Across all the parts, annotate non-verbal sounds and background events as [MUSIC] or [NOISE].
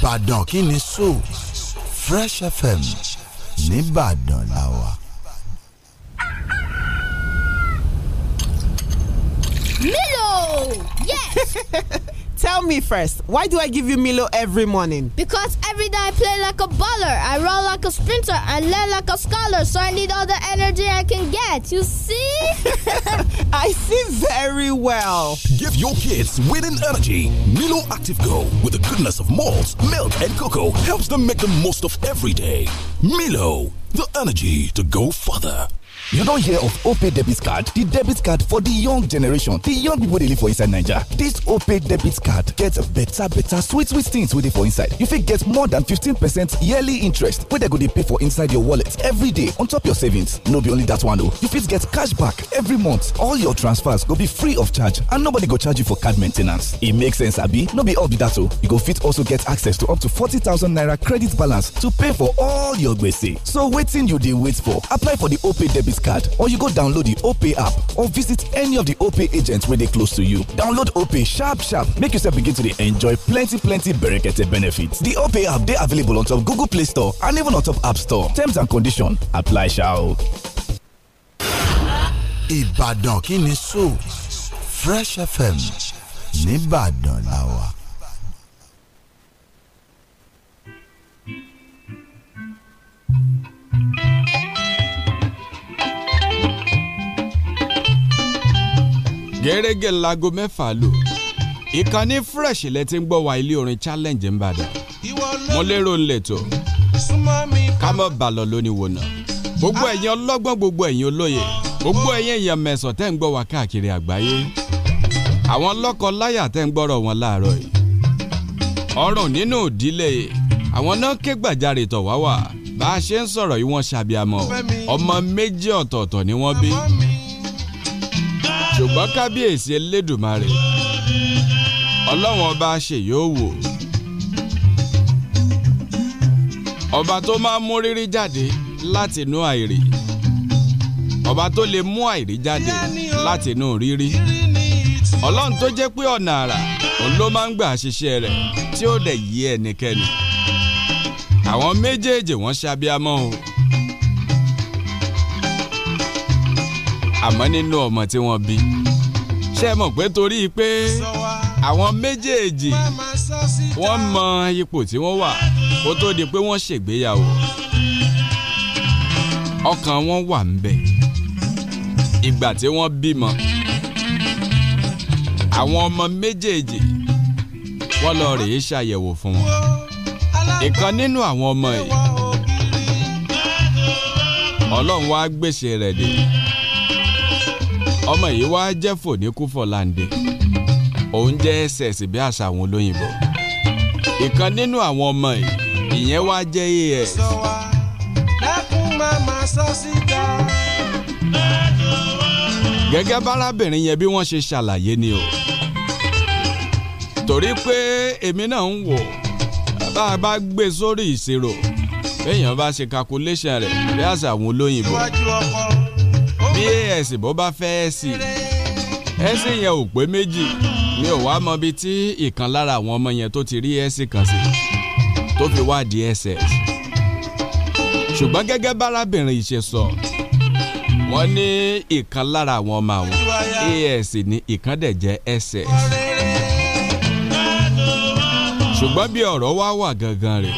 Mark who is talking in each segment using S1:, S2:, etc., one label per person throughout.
S1: ìbàdàn kí ni so fresh fm nìbàdàn la wà. mélòó yes.
S2: [LAUGHS] Tell me first, why do I give you Milo every morning?
S3: Because every day I play like a baller, I run like a sprinter, I learn like a scholar, so I need all the energy I can get. You see? [LAUGHS]
S2: I see very well. Give your kids winning energy.
S3: Milo Active Go, with the goodness of malt, milk, and cocoa, helps them make the most of every day. Milo, the energy to go further.
S2: You don't hear of opay debit card? The debit card for the young generation. The young people dey live for inside Niger. This opay debit card gets better better sweet sweet things with dey for inside. You fit get more than 15% yearly interest where they go dey pay for inside your wallet every day on top your savings. No be only that one o. Oh. You fit get cash back every month. All your transfers go be free of charge and nobody go charge you for card maintenance. It makes sense abi? No be all be that so. Oh. You go fit also get access to up to 40,000 naira credit balance to pay for all your gbese. So waiting, you dey wait for? Apply for the opay debit card or you go download the Opay app or visit any of the Opay agents where they close to you. Download Opay sharp sharp make yourself begin to enjoy plenty plenty berekete benefits. The Opay app they available on top Google Play Store and even on top App Store. Terms and condition apply sha
S1: Ìbàdàn kí ni so Fresh FM nìbàdàn la wà.
S4: thank you gẹ́rẹ́gẹ́ láago mẹ́fà lò ìkànnì fresh lẹ ti ń gbọ́ wa ilé orin challenge ń bàdàn mo lérò ń lẹ̀tọ̀ ká mọ̀ bàlọ̀ lónìí wò náà gbogbo ẹ̀yin ọlọ́gbọ́n gbogbo ẹ̀yin olóye gbogbo ẹ̀yin èèyàn mẹ́sàn-án tẹ́ ń gbọ́ wa káàkiri àgbáyé àwọn lọ́kọ-láyà tẹ́ ń gbọ́rọ̀ wọn láàárọ̀ yìí ọ̀rùn nínú ìdílé àwọn náà ké gbàjarè tọ̀ wá wà bá a ṣe ń sọ̀rọ̀ yìí wọ́n ṣàbíamọ́ ọmọ méjì ọ̀tọ̀ọ̀tọ̀ ni wọ́n bí ṣùgbọ́n kábíyèsí elédùmarè ọlọ́run ọba ṣe yóò wò ọba tó máa ń mú rírí jáde láti inú àìrí ọba tó lè mú àìrí jáde láti inú rírí ọlọ́run tó jẹ́ pé ọ̀nà àrà òun ló máa ń gbà ṣiṣẹ́ rẹ̀ tí ó dẹ̀ yí ẹnikẹ́ni àwọn méjèèjì wọ́n ṣe abiyamọ o. àmọ́ nínú ọmọ tí wọ́n bí ṣé ẹ mọ̀ pé torí pé àwọn méjèèjì wọ́n mọ ipò tí wọ́n wà kó tó di pé wọ́n ṣègbéyàwó ọkàn wọn wà ń bẹ̀ ìgbà tí wọ́n bímọ àwọn ọmọ méjèèjì wọ́n lọ rèé ṣàyẹ̀wò fún wọn ìkan nínú àwọn ọmọ yìí ọlọ́run wá gbèsè rẹ̀ dé ọmọ yìí wá jẹ́ fòníkú fọ̀láǹdè òun jẹ́ ss bí àṣà àwọn olóyìnbó ìkan nínú àwọn ọmọ yìí ìyẹn wá jẹ́ as. wa lẹ́kùn màmá sọ síta gẹ́gẹ́ bárábìnrin yẹn bí wọ́n ṣe ṣàlàyé ni o torí pé èmi náà ń wò bá a bá gbé sórí ìṣirò èèyàn bá ṣe calculation rẹ̀ bí àṣà àwọn olóyìnbó bí ẹ̀sìn bó bá fẹ́ ẹ̀sìn ẹ̀sìn yẹn ò pé méjì mi ò wá mọ ibi tí ìkan lára àwọn ọmọ yẹn tó ti rí ẹ̀sìn kan sí tó fi wá di ẹsẹ̀ ṣùgbọ́n gẹ́gẹ́ bárábìnrin yìí ṣe sọ wọ́n ní ìkan lára àwọn ọmọ àwọn as ní ìkan dẹ̀ jẹ́ ẹsẹ̀ ṣùgbọ́n bí ọ̀rọ̀ wá wà gangan rẹ̀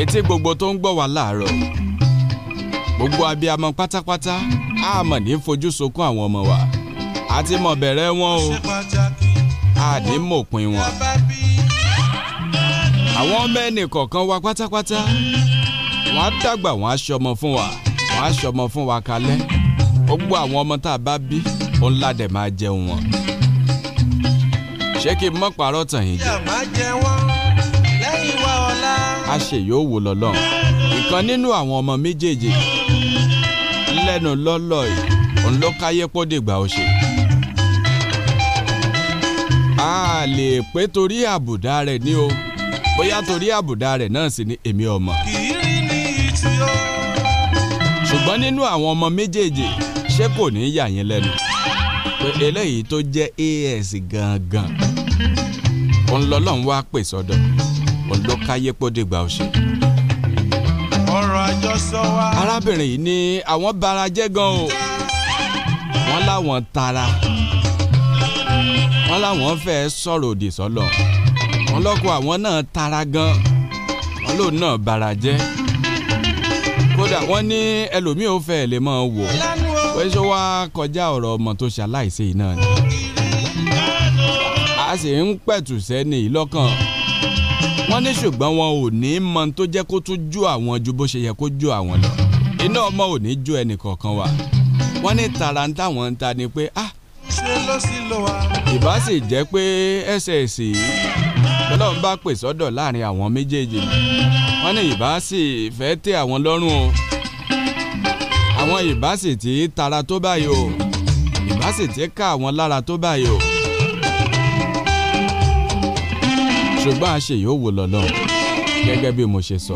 S4: etí gbogbo tó ń gbọ́ wá láàárọ̀ gbogbo abiyamọ pátápátá a mọ̀ ní fojú sunkún àwọn ọmọ wa a ti mọ̀ bẹ̀rẹ̀ wọn o a ní mọ̀pin wọn. àwọn ọmọ ẹnì kọ̀ọ̀kan wa pátápátá wọ́n á dàgbà wọ́n á ṣọmọ fún wa wọ́n á ṣọmọ fún wa kalẹ̀ gbogbo àwọn ọmọ tá a bá bí ó ń ládẹ̀ máa jẹun wọn. ṣé kí n mọ̀ pàrọ̀ tàn yín jẹ? a ṣe yóò wò lọ́lọ́run ìkan nínú àwọn ọmọ méjèèjì lẹ́nu lọ́lọ́ yìí òun ló káyé pọ́dìgbà ọ̀sẹ̀. a lè pé torí àbùdá rẹ̀ ní o bóyá torí àbùdá rẹ̀ náà sì ni èmi ọmọ. ṣùgbọ́n nínú àwọn ọmọ méjèèjì ṣé kò ní yà yín lẹ́nu pé eléyìí tó jẹ́ AS gangan òun lọ́lọ́run wá pè sọ́dọ̀ òun ló káyé pọ́dìgbà ọ̀sẹ̀ arábìnrin yìí ní àwọn bara jẹ́ gan o wọ́n láwọn tara wọ́n láwọn fẹ́ sọ̀rọ̀ òdì sọ́lọ̀ wọ́n lọ́kọ àwọn náà tara gan wọ́n lòun náà bara jẹ́ kódà wọ́n ní ẹlòmíì ò fẹ́ lè máa wò wọ́n ṣe wá kọjá ọ̀rọ̀ ọmọ tó ṣaláìsí náà ni a sì ń pẹ̀tù sẹ́ni ìlọ́kàn wọ́n ní ṣùgbọ́n wọn ò ní mọ tó jẹ́ kó tún jó àwọn ju bó ṣe yẹ kó jó àwọn lọ iná ọmọ ò ní jó ẹnì kọ̀ọ̀kan wa wọ́n ní tara ń táwọn ń ta ni pé ah
S1: ṣé ló sì lò wá. ìbá
S4: sì jẹ́ pé ẹsẹ̀ èsì ọlọ́run bá pè sọ́dọ̀ láàrin àwọn méjèèjì wọ́n ní ìbá sì fẹ́ tẹ́ àwọn lọ́rùn o àwọn ìbá sì ti tara tó báyìí o ìbá sì ti ká àwọn lára tó báyìí o. ṣùgbọ́n àṣe yóò wò lọ́lọ́run gẹ́gẹ́ bí mo ṣe sọ.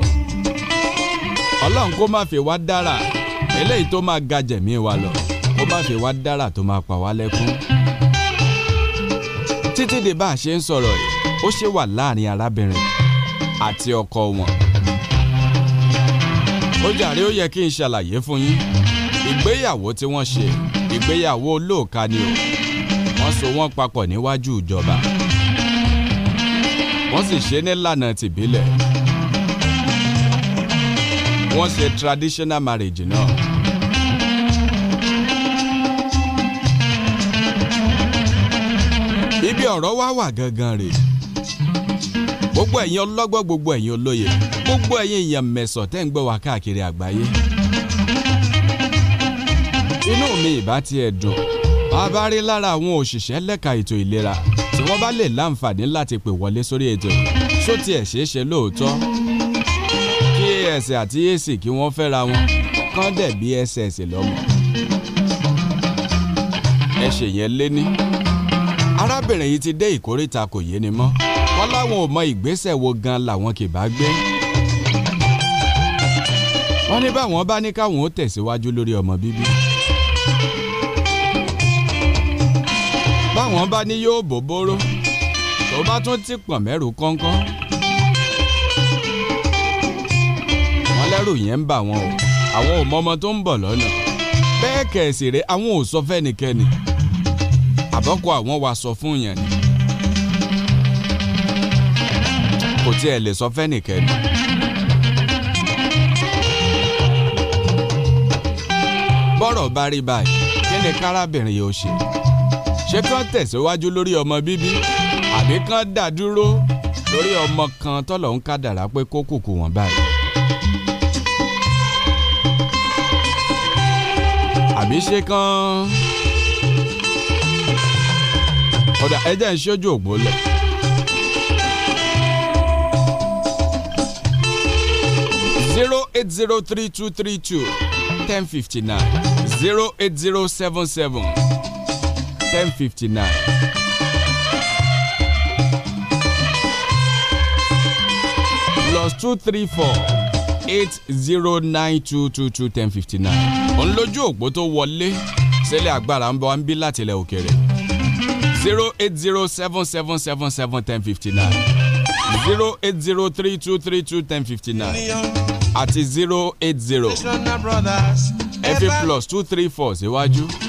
S4: ọlọ́run kó má fi wá dára eléyìí tó máa ga jẹ̀mí wa lọ kó má fi wá dára tó máa pa wá lẹ́kún. títí di bá a ṣe ń sọ̀rọ̀ yìí ó ṣe wà láàrin arábìnrin àti ọkọ wọn. ó jàre ó yẹ kí n ṣàlàyé fún yín ìgbéyàwó tí wọ́n ṣe ìgbéyàwó olóòka ni o wọ́n so wọ́n papọ̀ níwájú ìjọba wọ́n sì ṣe nílànà tìbílẹ̀ wọ́n ṣe traditional marriage náà. ibi ọ̀rọ̀ wá wà gangan rè gbogbo ẹ̀yin ọlọ́gbọ́n gbogbo ẹ̀yin olóye gbogbo ẹ̀yin èèyàn mẹ̀sọ̀ tẹ́ ń gbọ́ wá káàkiri àgbáyé inú mi ìbá tiẹ̀ dùn bá a bá rí lára àwọn òṣìṣẹ́ lẹ́ka ètò ìlera wọ́n bá lè láǹfààní láti pè wọlé sórí ètò yìí ṣó tiẹ̀ ṣeé ṣe lóòótọ́ kí ẹsẹ̀ àti èsì kí wọ́n fẹ́ra wọn kán dẹ̀ bí ẹsẹ̀ ẹsẹ̀ lọ́mọ ẹsẹ̀ yẹn lé ní. arábìnrin yìí ti dé ìkórìtà kò yé ni mọ́ wọ́n láwọn ò mọ ìgbésẹ̀ wo gan làwọn kì bá gbé wọ́n ní báwọn bá ní káwọn ó tẹ̀síwájú lórí ọmọ bíbí. báwọn bá ní yóò bòbóró tó bá tún ti pọ̀n mẹ́rù kọ́ńkọ́ wọ́n lẹ́rù yẹn ń bà wọ́n o àwọn ò mọ ọmọ tó ń bọ̀ lọ́nà bẹ́ẹ̀ kẹ̀sì rẹ̀ àwọn ò sọ fẹ́nikẹ́ni àbọ̀kọ àwọn wa sọ fún yẹn ni kò tiẹ̀ lè sọ fẹ́nikẹ́ni. bọ́rọ̀ bá rí báyìí kí ni kárábìnrin yóò ṣe ṣé kán tẹ̀síwájú lórí ọmọ bíbí àbí kán dàdúró lórí ọmọ kan tọ́lọ̀ ń kádàrá pé kó kùkù wọ́n báyìí. àbí ṣé kán ọ̀dà ẹ̀jẹ̀ ń ṣojú ògbó lẹ̀. zero eight zero three two three two ten fifty nine zero eight zero seven seven ten fifty nine. plus two three four eight zero nine two two two ten fifty nine. òun lójú òpó tó wọlé sẹ́lẹ̀ agbára ń bọ̀ ń bí látilẹ̀ òkèrè zero eight zero seven seven seven seven ten fifty nine zero eight zero three two three two ten fifty nine àti zero eight zero ẹ plus two three four síwájú. Si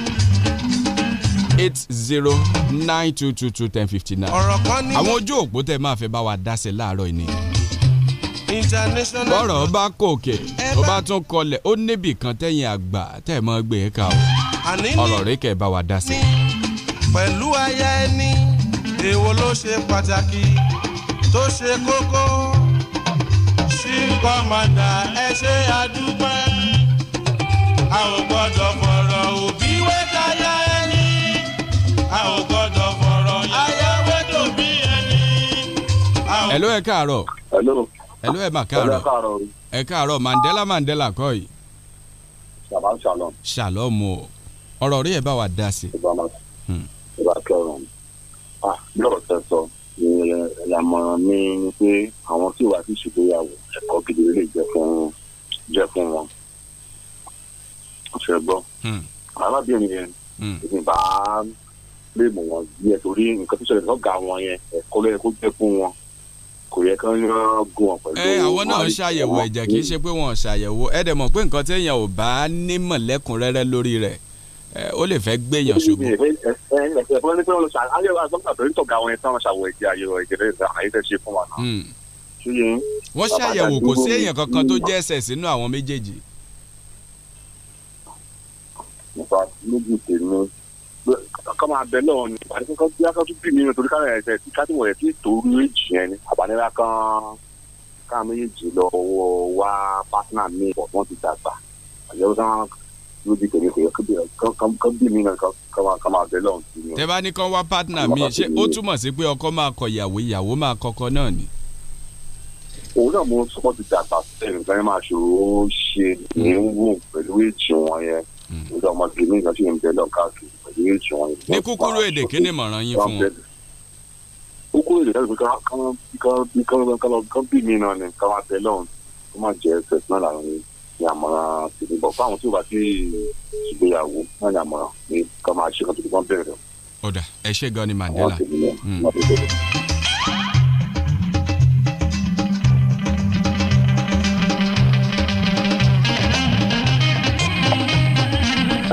S4: eight zero nine two two two ten fifty nine.
S2: ọ̀rọ̀ kan ní. àwọn
S4: ojú òpó tẹ máa fẹ́ bá wa dá sí láàárọ̀ yìí nìyẹn bọ́rọ̀ bá kòkè tó bá tún kọlẹ̀ ó níbì kan tẹ̀yìn àgbà tẹ̀ mọ́ gbé e ká o ọ̀rọ̀ rẹ bá wa dá pẹ̀lú
S2: aya ẹni
S4: èèwọ̀ ló ṣe pàtàkì
S1: tó ṣe kókó sí kọ́mọ̀dà ẹ ṣe àdúgbò a ò gbọ́dọ̀ fọ́. a ò gbọ́dọ̀ fọ̀rọ̀ yàwé
S4: tó bí ẹni. ẹ̀ló Mandela Mandela kọ́ yìí. sàlám sàlám. sàlám o ọ̀rọ̀ rí ẹ̀ bá wa dá sí. ìbá ma
S5: ìbá kẹrùn-ún ah lọ́rọ̀ tẹ sọ ìlàmọ̀ràn mi ni pé àwọn tí wàá ti ṣùgbéyàwó ẹ̀kọ́ gidi lè jẹ́ fún jẹ́ fún wọn. ṣe gbọ́ hmm. arábìnrin yẹn ìgbà hmm bíléèmù wọn díẹ̀ torí nǹkan tó ṣẹlẹ̀ lọ́gà wọn yẹn ẹ̀kọ́ ló yẹ kó jẹ́ fún wọn kò yẹ kán yán gun wọn pẹ̀lú. ẹ àwọn náà ń ṣàyẹ̀wò ẹ̀jẹ̀
S4: kì í ṣe pé wọ́n ń ṣàyẹ̀wò ẹ dẹ̀ mọ̀ pé nǹkan téèyàn ò bá nímọ̀ lẹ́kùnrẹ́rẹ́ lórí rẹ̀ ó lè fẹ́ gbéyàn ṣubú.
S6: wọ́n
S5: ṣàyẹ̀wò hmm. kò sí èèyàn kankan tó jẹ́ ẹsẹ̀
S4: sínú àwọn méjèèjì.
S5: nípa méjì tèmi kọ́ máa bẹ náà ni àti kọ́ bí akọ́tù bí mi nítorí káwọn ẹ̀sẹ̀ tí kátìwọ̀ rẹ̀ ti tòru méjì yẹn ni àbánilá kan káwọn méjì lọ wá pátánà mi pọ̀ wọ́n ti dàgbà àyẹ̀wò sáà ló di tèmi pé kọ́ bí mi náà kọ́ máa bẹ náà sí
S4: mi. tẹ bá ní kán wá pátánà mi ṣé ó túmọ̀ sí pé ọkọ máa kọ ìyàwó ìyàwó máa kọkọ náà ni. òun náà mo sọ ti dàgbà
S5: sẹ́yìn kan máa ṣòro ṣe ìwọ̀n hmm. pẹ̀lú èjì wọn yẹn hmm will join. ní kúkúrú èdè kí ni mọ̀ràn yín fún wọn. kúkúrú èdè láti fi kán kán kán bí mi náà ni kán máa tẹ lọ́hùn kó má jẹ ẹsẹ̀ náà làwọn ni ni àmọ̀ràn ti ní bọ̀ fáwọn tí ò bá ti ṣègbéyàwó
S4: náà ni àmọ̀ràn ni kán máa ṣe kán tó ti kán bẹ̀rẹ̀. ọ̀dà ẹ ṣe gan ni Mandela.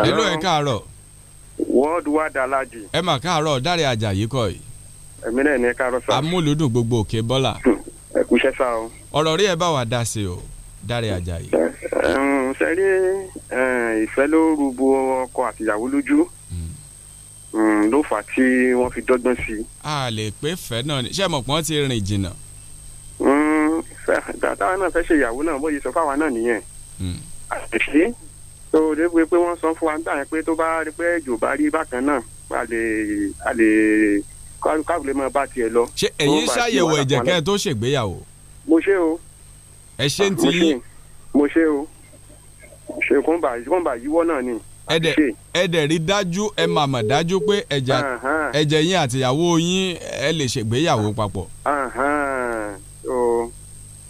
S4: hello ẹ káàárọ̀ worldwide alaji. ẹ mà káàárọ̀ dáre ajayi kọ́ yìí. èmi náà ní káàárọ̀ sá. amúlùdùn gbogbo òkè bọ́là. ẹ kú iṣẹ́ sá o. ọ̀rọ̀ rí ẹ bá wa dá sí o dáre ajayi.
S7: ṣe rí ìfẹ́ ló rúbọ ọkọ àtìyàwó lójú hmm. Hmm, ló fà á tí wọ́n fi dọ́gbọ́n sí i.
S4: a lè pé fẹ́ náà ni ṣé mọ̀pọ́n ti rìn jìnnà. táwa hmm, náà fẹ́ ṣe ìyàwó
S7: náà bóyá sọ fáwa náà nìyẹn. àṣìṣe so débùú pé wọ́n sọ fún wa nígbà yẹn pé tó bá rí pé ìjọba rí bákan náà a lè a lè káàbù lè máa bá tiẹ̀ lọ.
S4: ṣé ẹ̀yin ṣàyẹ̀wò ẹ̀jẹ̀ kẹ́ ẹ tó ṣègbéyàwó. mo ṣe o. ẹ ṣe ń ti yín.
S7: mo ṣe o ṣe kọ́ńbà kọ́ńbà yíwọ́ náà ni.
S4: ẹ̀dẹ̀ ẹ̀dẹ̀ rí dájú ẹ mà mà dájú pé ẹ̀jẹ̀ ẹ̀jẹ̀ yín àtìyàwó yín ẹ lè ṣègbéyàwó papọ̀.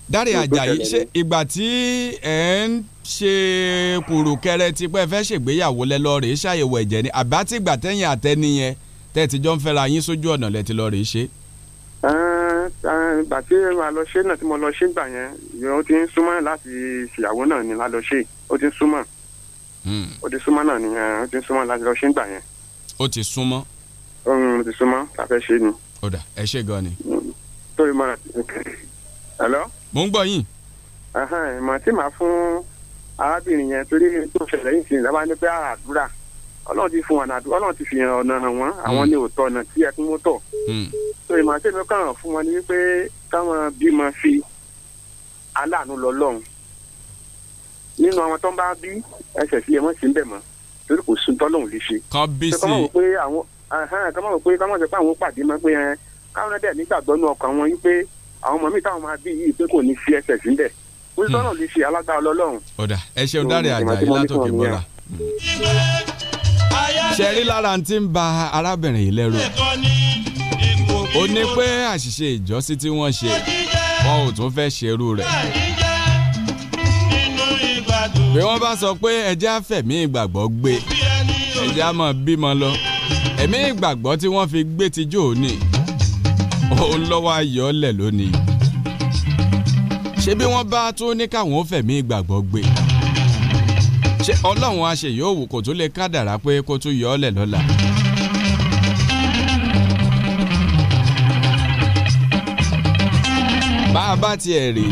S4: Dáre Àjàyí ṣe ìgbà tí ẹ̀ ń ṣe kùrùkẹrẹ tí pé fẹ́ ṣègbéyàwó lẹ lọ rèé ṣàyẹ̀wò ẹ̀jẹ̀ ni àbá tí ìgbà tẹ́yìn àtẹniyẹn tẹ́tí jọ ń fẹ́ra yín sójú ọ̀nà lẹ ti lọ rèé ṣe.
S7: ìgbà tí a lọ ṣe náà tí mo lọ ṣe gbà yẹn ó ti ń súnmọ́ láti ṣìyàwó náà ni la lọ ṣe ó ti ń súnmọ́ hmm. ó ti súnmọ́ náà nìyẹn ó ti ń súnmọ́ láti lọ ṣe gbà yẹn.
S4: ó ti súnmọ́.
S7: Hmm, ó ti súnmọ́ la fẹ́ ṣe ni.
S4: ó dà ẹ ṣe gan ni.
S7: tó hmm. ìmọ̀ràn hello mò ń gbọ́ yín. ìmọ̀ tí màá fún arábìnrin yẹn torí tó ṣẹlẹ̀ yìí sí ìdábàá ní pé àdúrà ọlọ́run ti fún ọ̀nà àdúrà ọlọ́run ti fi ọ̀nà hàn wọ́n àwọn hmm. ní òótọ́ ọ̀nà tí ẹkún mọ́tọ̀. Hmm. so ìmọ̀ tí mi kàn fún wọn ni wípé káwọn bímọ fi aláàánú lọ lọ́hùn nínú àwọn tó ń bá bí ẹsẹ̀ sí ẹmọ́ sí ń bẹ̀ mọ́ torí kò sún tọ́lọ́hùn lè ṣe.
S4: kọ́bísì kọ́mọ̀ wò
S7: pé àwọn kọ́mọ̀ wò pé àwọn ọmọ mi táwọn máa bí yìí pé kò ní fi ẹsẹ̀ sílẹ̀ wọ́n sọ̀rọ̀ hmm. lè ṣe alágbára lọ́lọ́run.
S4: ọ̀dà ẹ ṣeun dáre àjàyí látòkè bọ́lá. ṣẹ̀rí lára ti ń ba arábìnrin yìí lẹ́rù ó ní pé àṣìṣe ìjọsí tí wọ́n ṣe wọn ò tún fẹ́ ṣerú rẹ̀ bí wọ́n bá sọ pé ẹjẹ́ àfẹ̀mí ìgbàgbọ́ gbé ẹjẹ́ àmọ́ bímọ lọ ẹ̀mí ìgbàgbọ́ tí wọ́n fi gbé ti jò ní òun [LAUGHS] lọ́wọ́ ayọ̀ọ́lẹ̀ lónìí ṣé bí wọ́n bá tún ní káwọn ó fẹ̀mí ìgbàgbọ́ gbé ṣé ọlọ́run aṣèyóòwò kò tún lè kádàrá pé kó tún yọ ọ́lẹ̀ lọ́la. bá a bá tiẹ̀ rí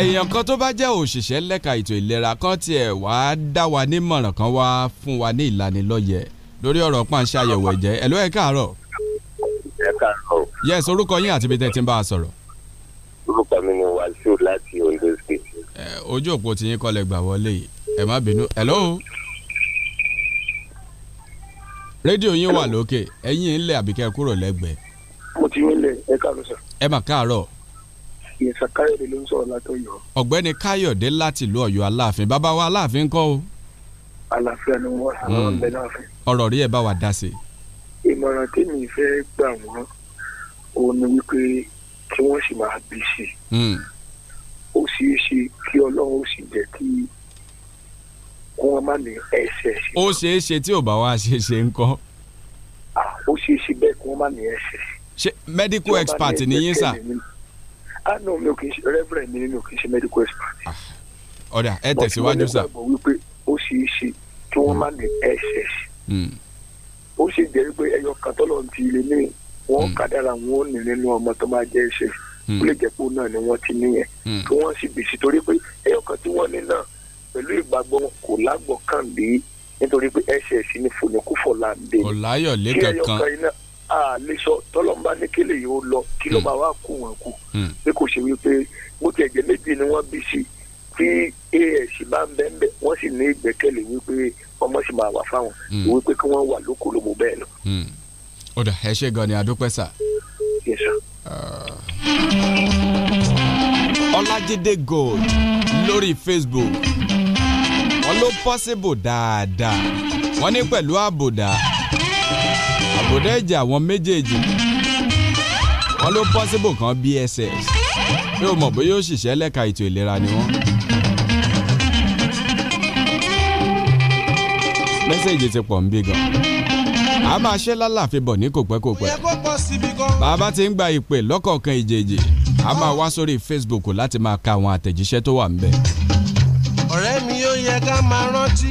S4: èèyàn kan tó bá jẹ́ òṣìṣẹ́ lẹ́ka ètò ìlera kan tiẹ̀ wá dá wa nímọ̀ràn kan wá fún wa ní ìlanilọ́yẹ̀ lórí ọ̀rọ̀ pàǹṣẹ́ àyẹ̀wò ẹ̀jẹ̀ ẹ̀ káàárọ̀ yes orúkọ yín àti ibi tẹ́ ti ń bá a sọ̀rọ̀. orúkọ mi ni wàásù láti Ondo State. ẹ ojú òpó ti yín kọlẹ̀ gbà wọlé yìí ẹ má bínú hello. rédíò yín wà lókè ẹ̀yin ń lẹ àbíkẹ́ kúrò lẹ́gbẹ̀ẹ́.
S8: mo ti yín lẹ ẹ káàárọ̀ sà.
S4: ẹ mà káàárọ̀.
S8: ìyẹ̀sà káyọ̀dé ló ń sọ̀rọ̀ láti Ọ̀yọ́.
S4: ọ̀gbẹ́ni káyọ̀dé láti ìlú Ọ̀yọ́ aláàfin bàbá wa aláàfin kọ́ o.
S8: aláàfin ni wọ́n àwọn hmm. ọ̀bẹ láàfin.
S4: ọ̀rọ̀ rí ẹ bá wa dá sí.
S8: ìmọ̀ràn tí mi fẹ́ gbà wọ́n ó ní wípé kí wọ́n sì máa bí sí i hmm. ó ṣeé ṣe kí ọlọ́run ó sì jẹ́ kí wọ́n má ní ẹsẹ̀
S4: ṣe. ó ṣeé ṣe tí ò bá wá ṣe ṣe ń kọ́.
S8: ó ṣeé ṣe bẹ́ẹ̀ kí wọ́n má ní ẹsẹ̀.
S4: ṣe medical expert ni yín sà.
S8: a nù mí ò kì í ṣe reverend mi nínú kì í ṣe medical expert.
S4: ọ̀dà ẹ tẹ̀síwájú sà. mo ti
S8: wọ́n nígbàgbọ́ wípé ó ṣeé ṣe kí wọ́n hmm. má ní ẹsẹ̀ ṣe. Hmm. ó ṣe jẹ́ pé ẹyọ kan ti ilé ní wọ́n hmm. kádàrà wọn ò ní nínú ọmọ tó máa jẹ́ ṣe hmm. ó lè jẹ́ pé òun náà ni wọ́n ti níyẹn hmm. kí wọ́n sì bèsì torí pé ẹyọ kan tí wọ́n ní náà pẹ̀lú ìgbàgbọ́ kò lágbọ̀kànlé nítorí pé ẹsẹ̀ sí ni fòlẹ́kùfọ̀ là ń dé kí ẹyọ kan iná àlè sọ tọ́lọ́mbà ní kí lè yóò lọ kí ló máa wá kú wọn kú pé kò ṣe wípé bó ti ẹ̀jẹ̀ méjì ni wọ́n bí sí tí AS bá ń bẹ́ẹ̀ wọ́n sì ní ìgbẹ́kẹ̀lé wípé ọmọ sì máa wà fáwọn wípé kí wọ́n wà lókòlóbó bẹ́ẹ̀ lọ
S4: ọ̀dà ẹ ṣe gan ni adúpẹ́ sà. Yes sir. Uh, Ọlájídé Gold lórí Facebook wọn ló pọ́sibù dáadáa wọ́n ní pẹ̀lú àbùdá àbùdá ẹ̀jẹ̀ àwọn méjèèjì wọ́n ló pọ́sibù kan BSS mi ò mọ̀ bóyá òṣìṣẹ́ lẹ́ka ètò ìlera ni wọ́n. mẹ́sẹ̀gì ti pọ̀ ń bí gan a máa ṣe lálàáfin bọ̀ ní kòpẹ́kòpẹ́ bàbá ti ń gba ìpè lọ́kọ̀ọ̀kan ìjèjì a máa wá sórí Facebook láti máa ka àwọn àtẹ̀jíṣẹ́ tó wà ńbẹ̀.
S1: ọ̀rẹ́ mi yóò yẹ ká máa rántí.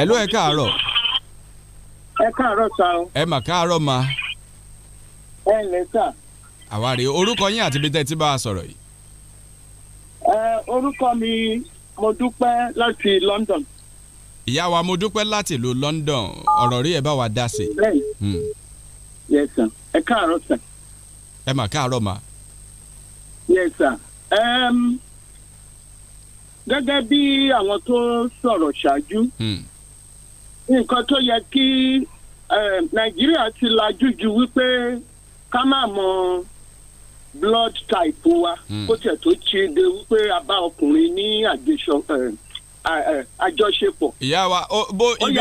S4: ẹ ló ẹ káàárọ̀. ẹ káàárọ̀ sa o. ẹ mà káàárọ̀ ma. ẹ ǹlẹ́ sà. àwárí orúkọ yín àti ibi tẹ́ ti bá a sọ̀rọ̀ yìí.
S9: ẹ orúkọ mi mo dúpẹ́ láti London
S4: ìyá wa mo dúpẹ́ láti ìlú London ọ̀rọ̀ rí ẹ bá wa dá sí. bẹ́ẹ̀ hmm. yẹ sàn ẹ káàárọ̀ sàn. ẹ mà káàárọ̀ mà.
S9: yẹ sàn gẹ́gẹ́ bí àwọn tó sọ̀rọ̀ ṣáájú hmm. nǹkan tó yẹ kí Nàìjíríà ti lajú ju wípé ká má mọ blood type wa kó hmm. tiẹ̀ tó ti de wípé a bá ọkùnrin ní àjọṣọ àjọṣepọ̀. ìyá wa bó
S4: ibi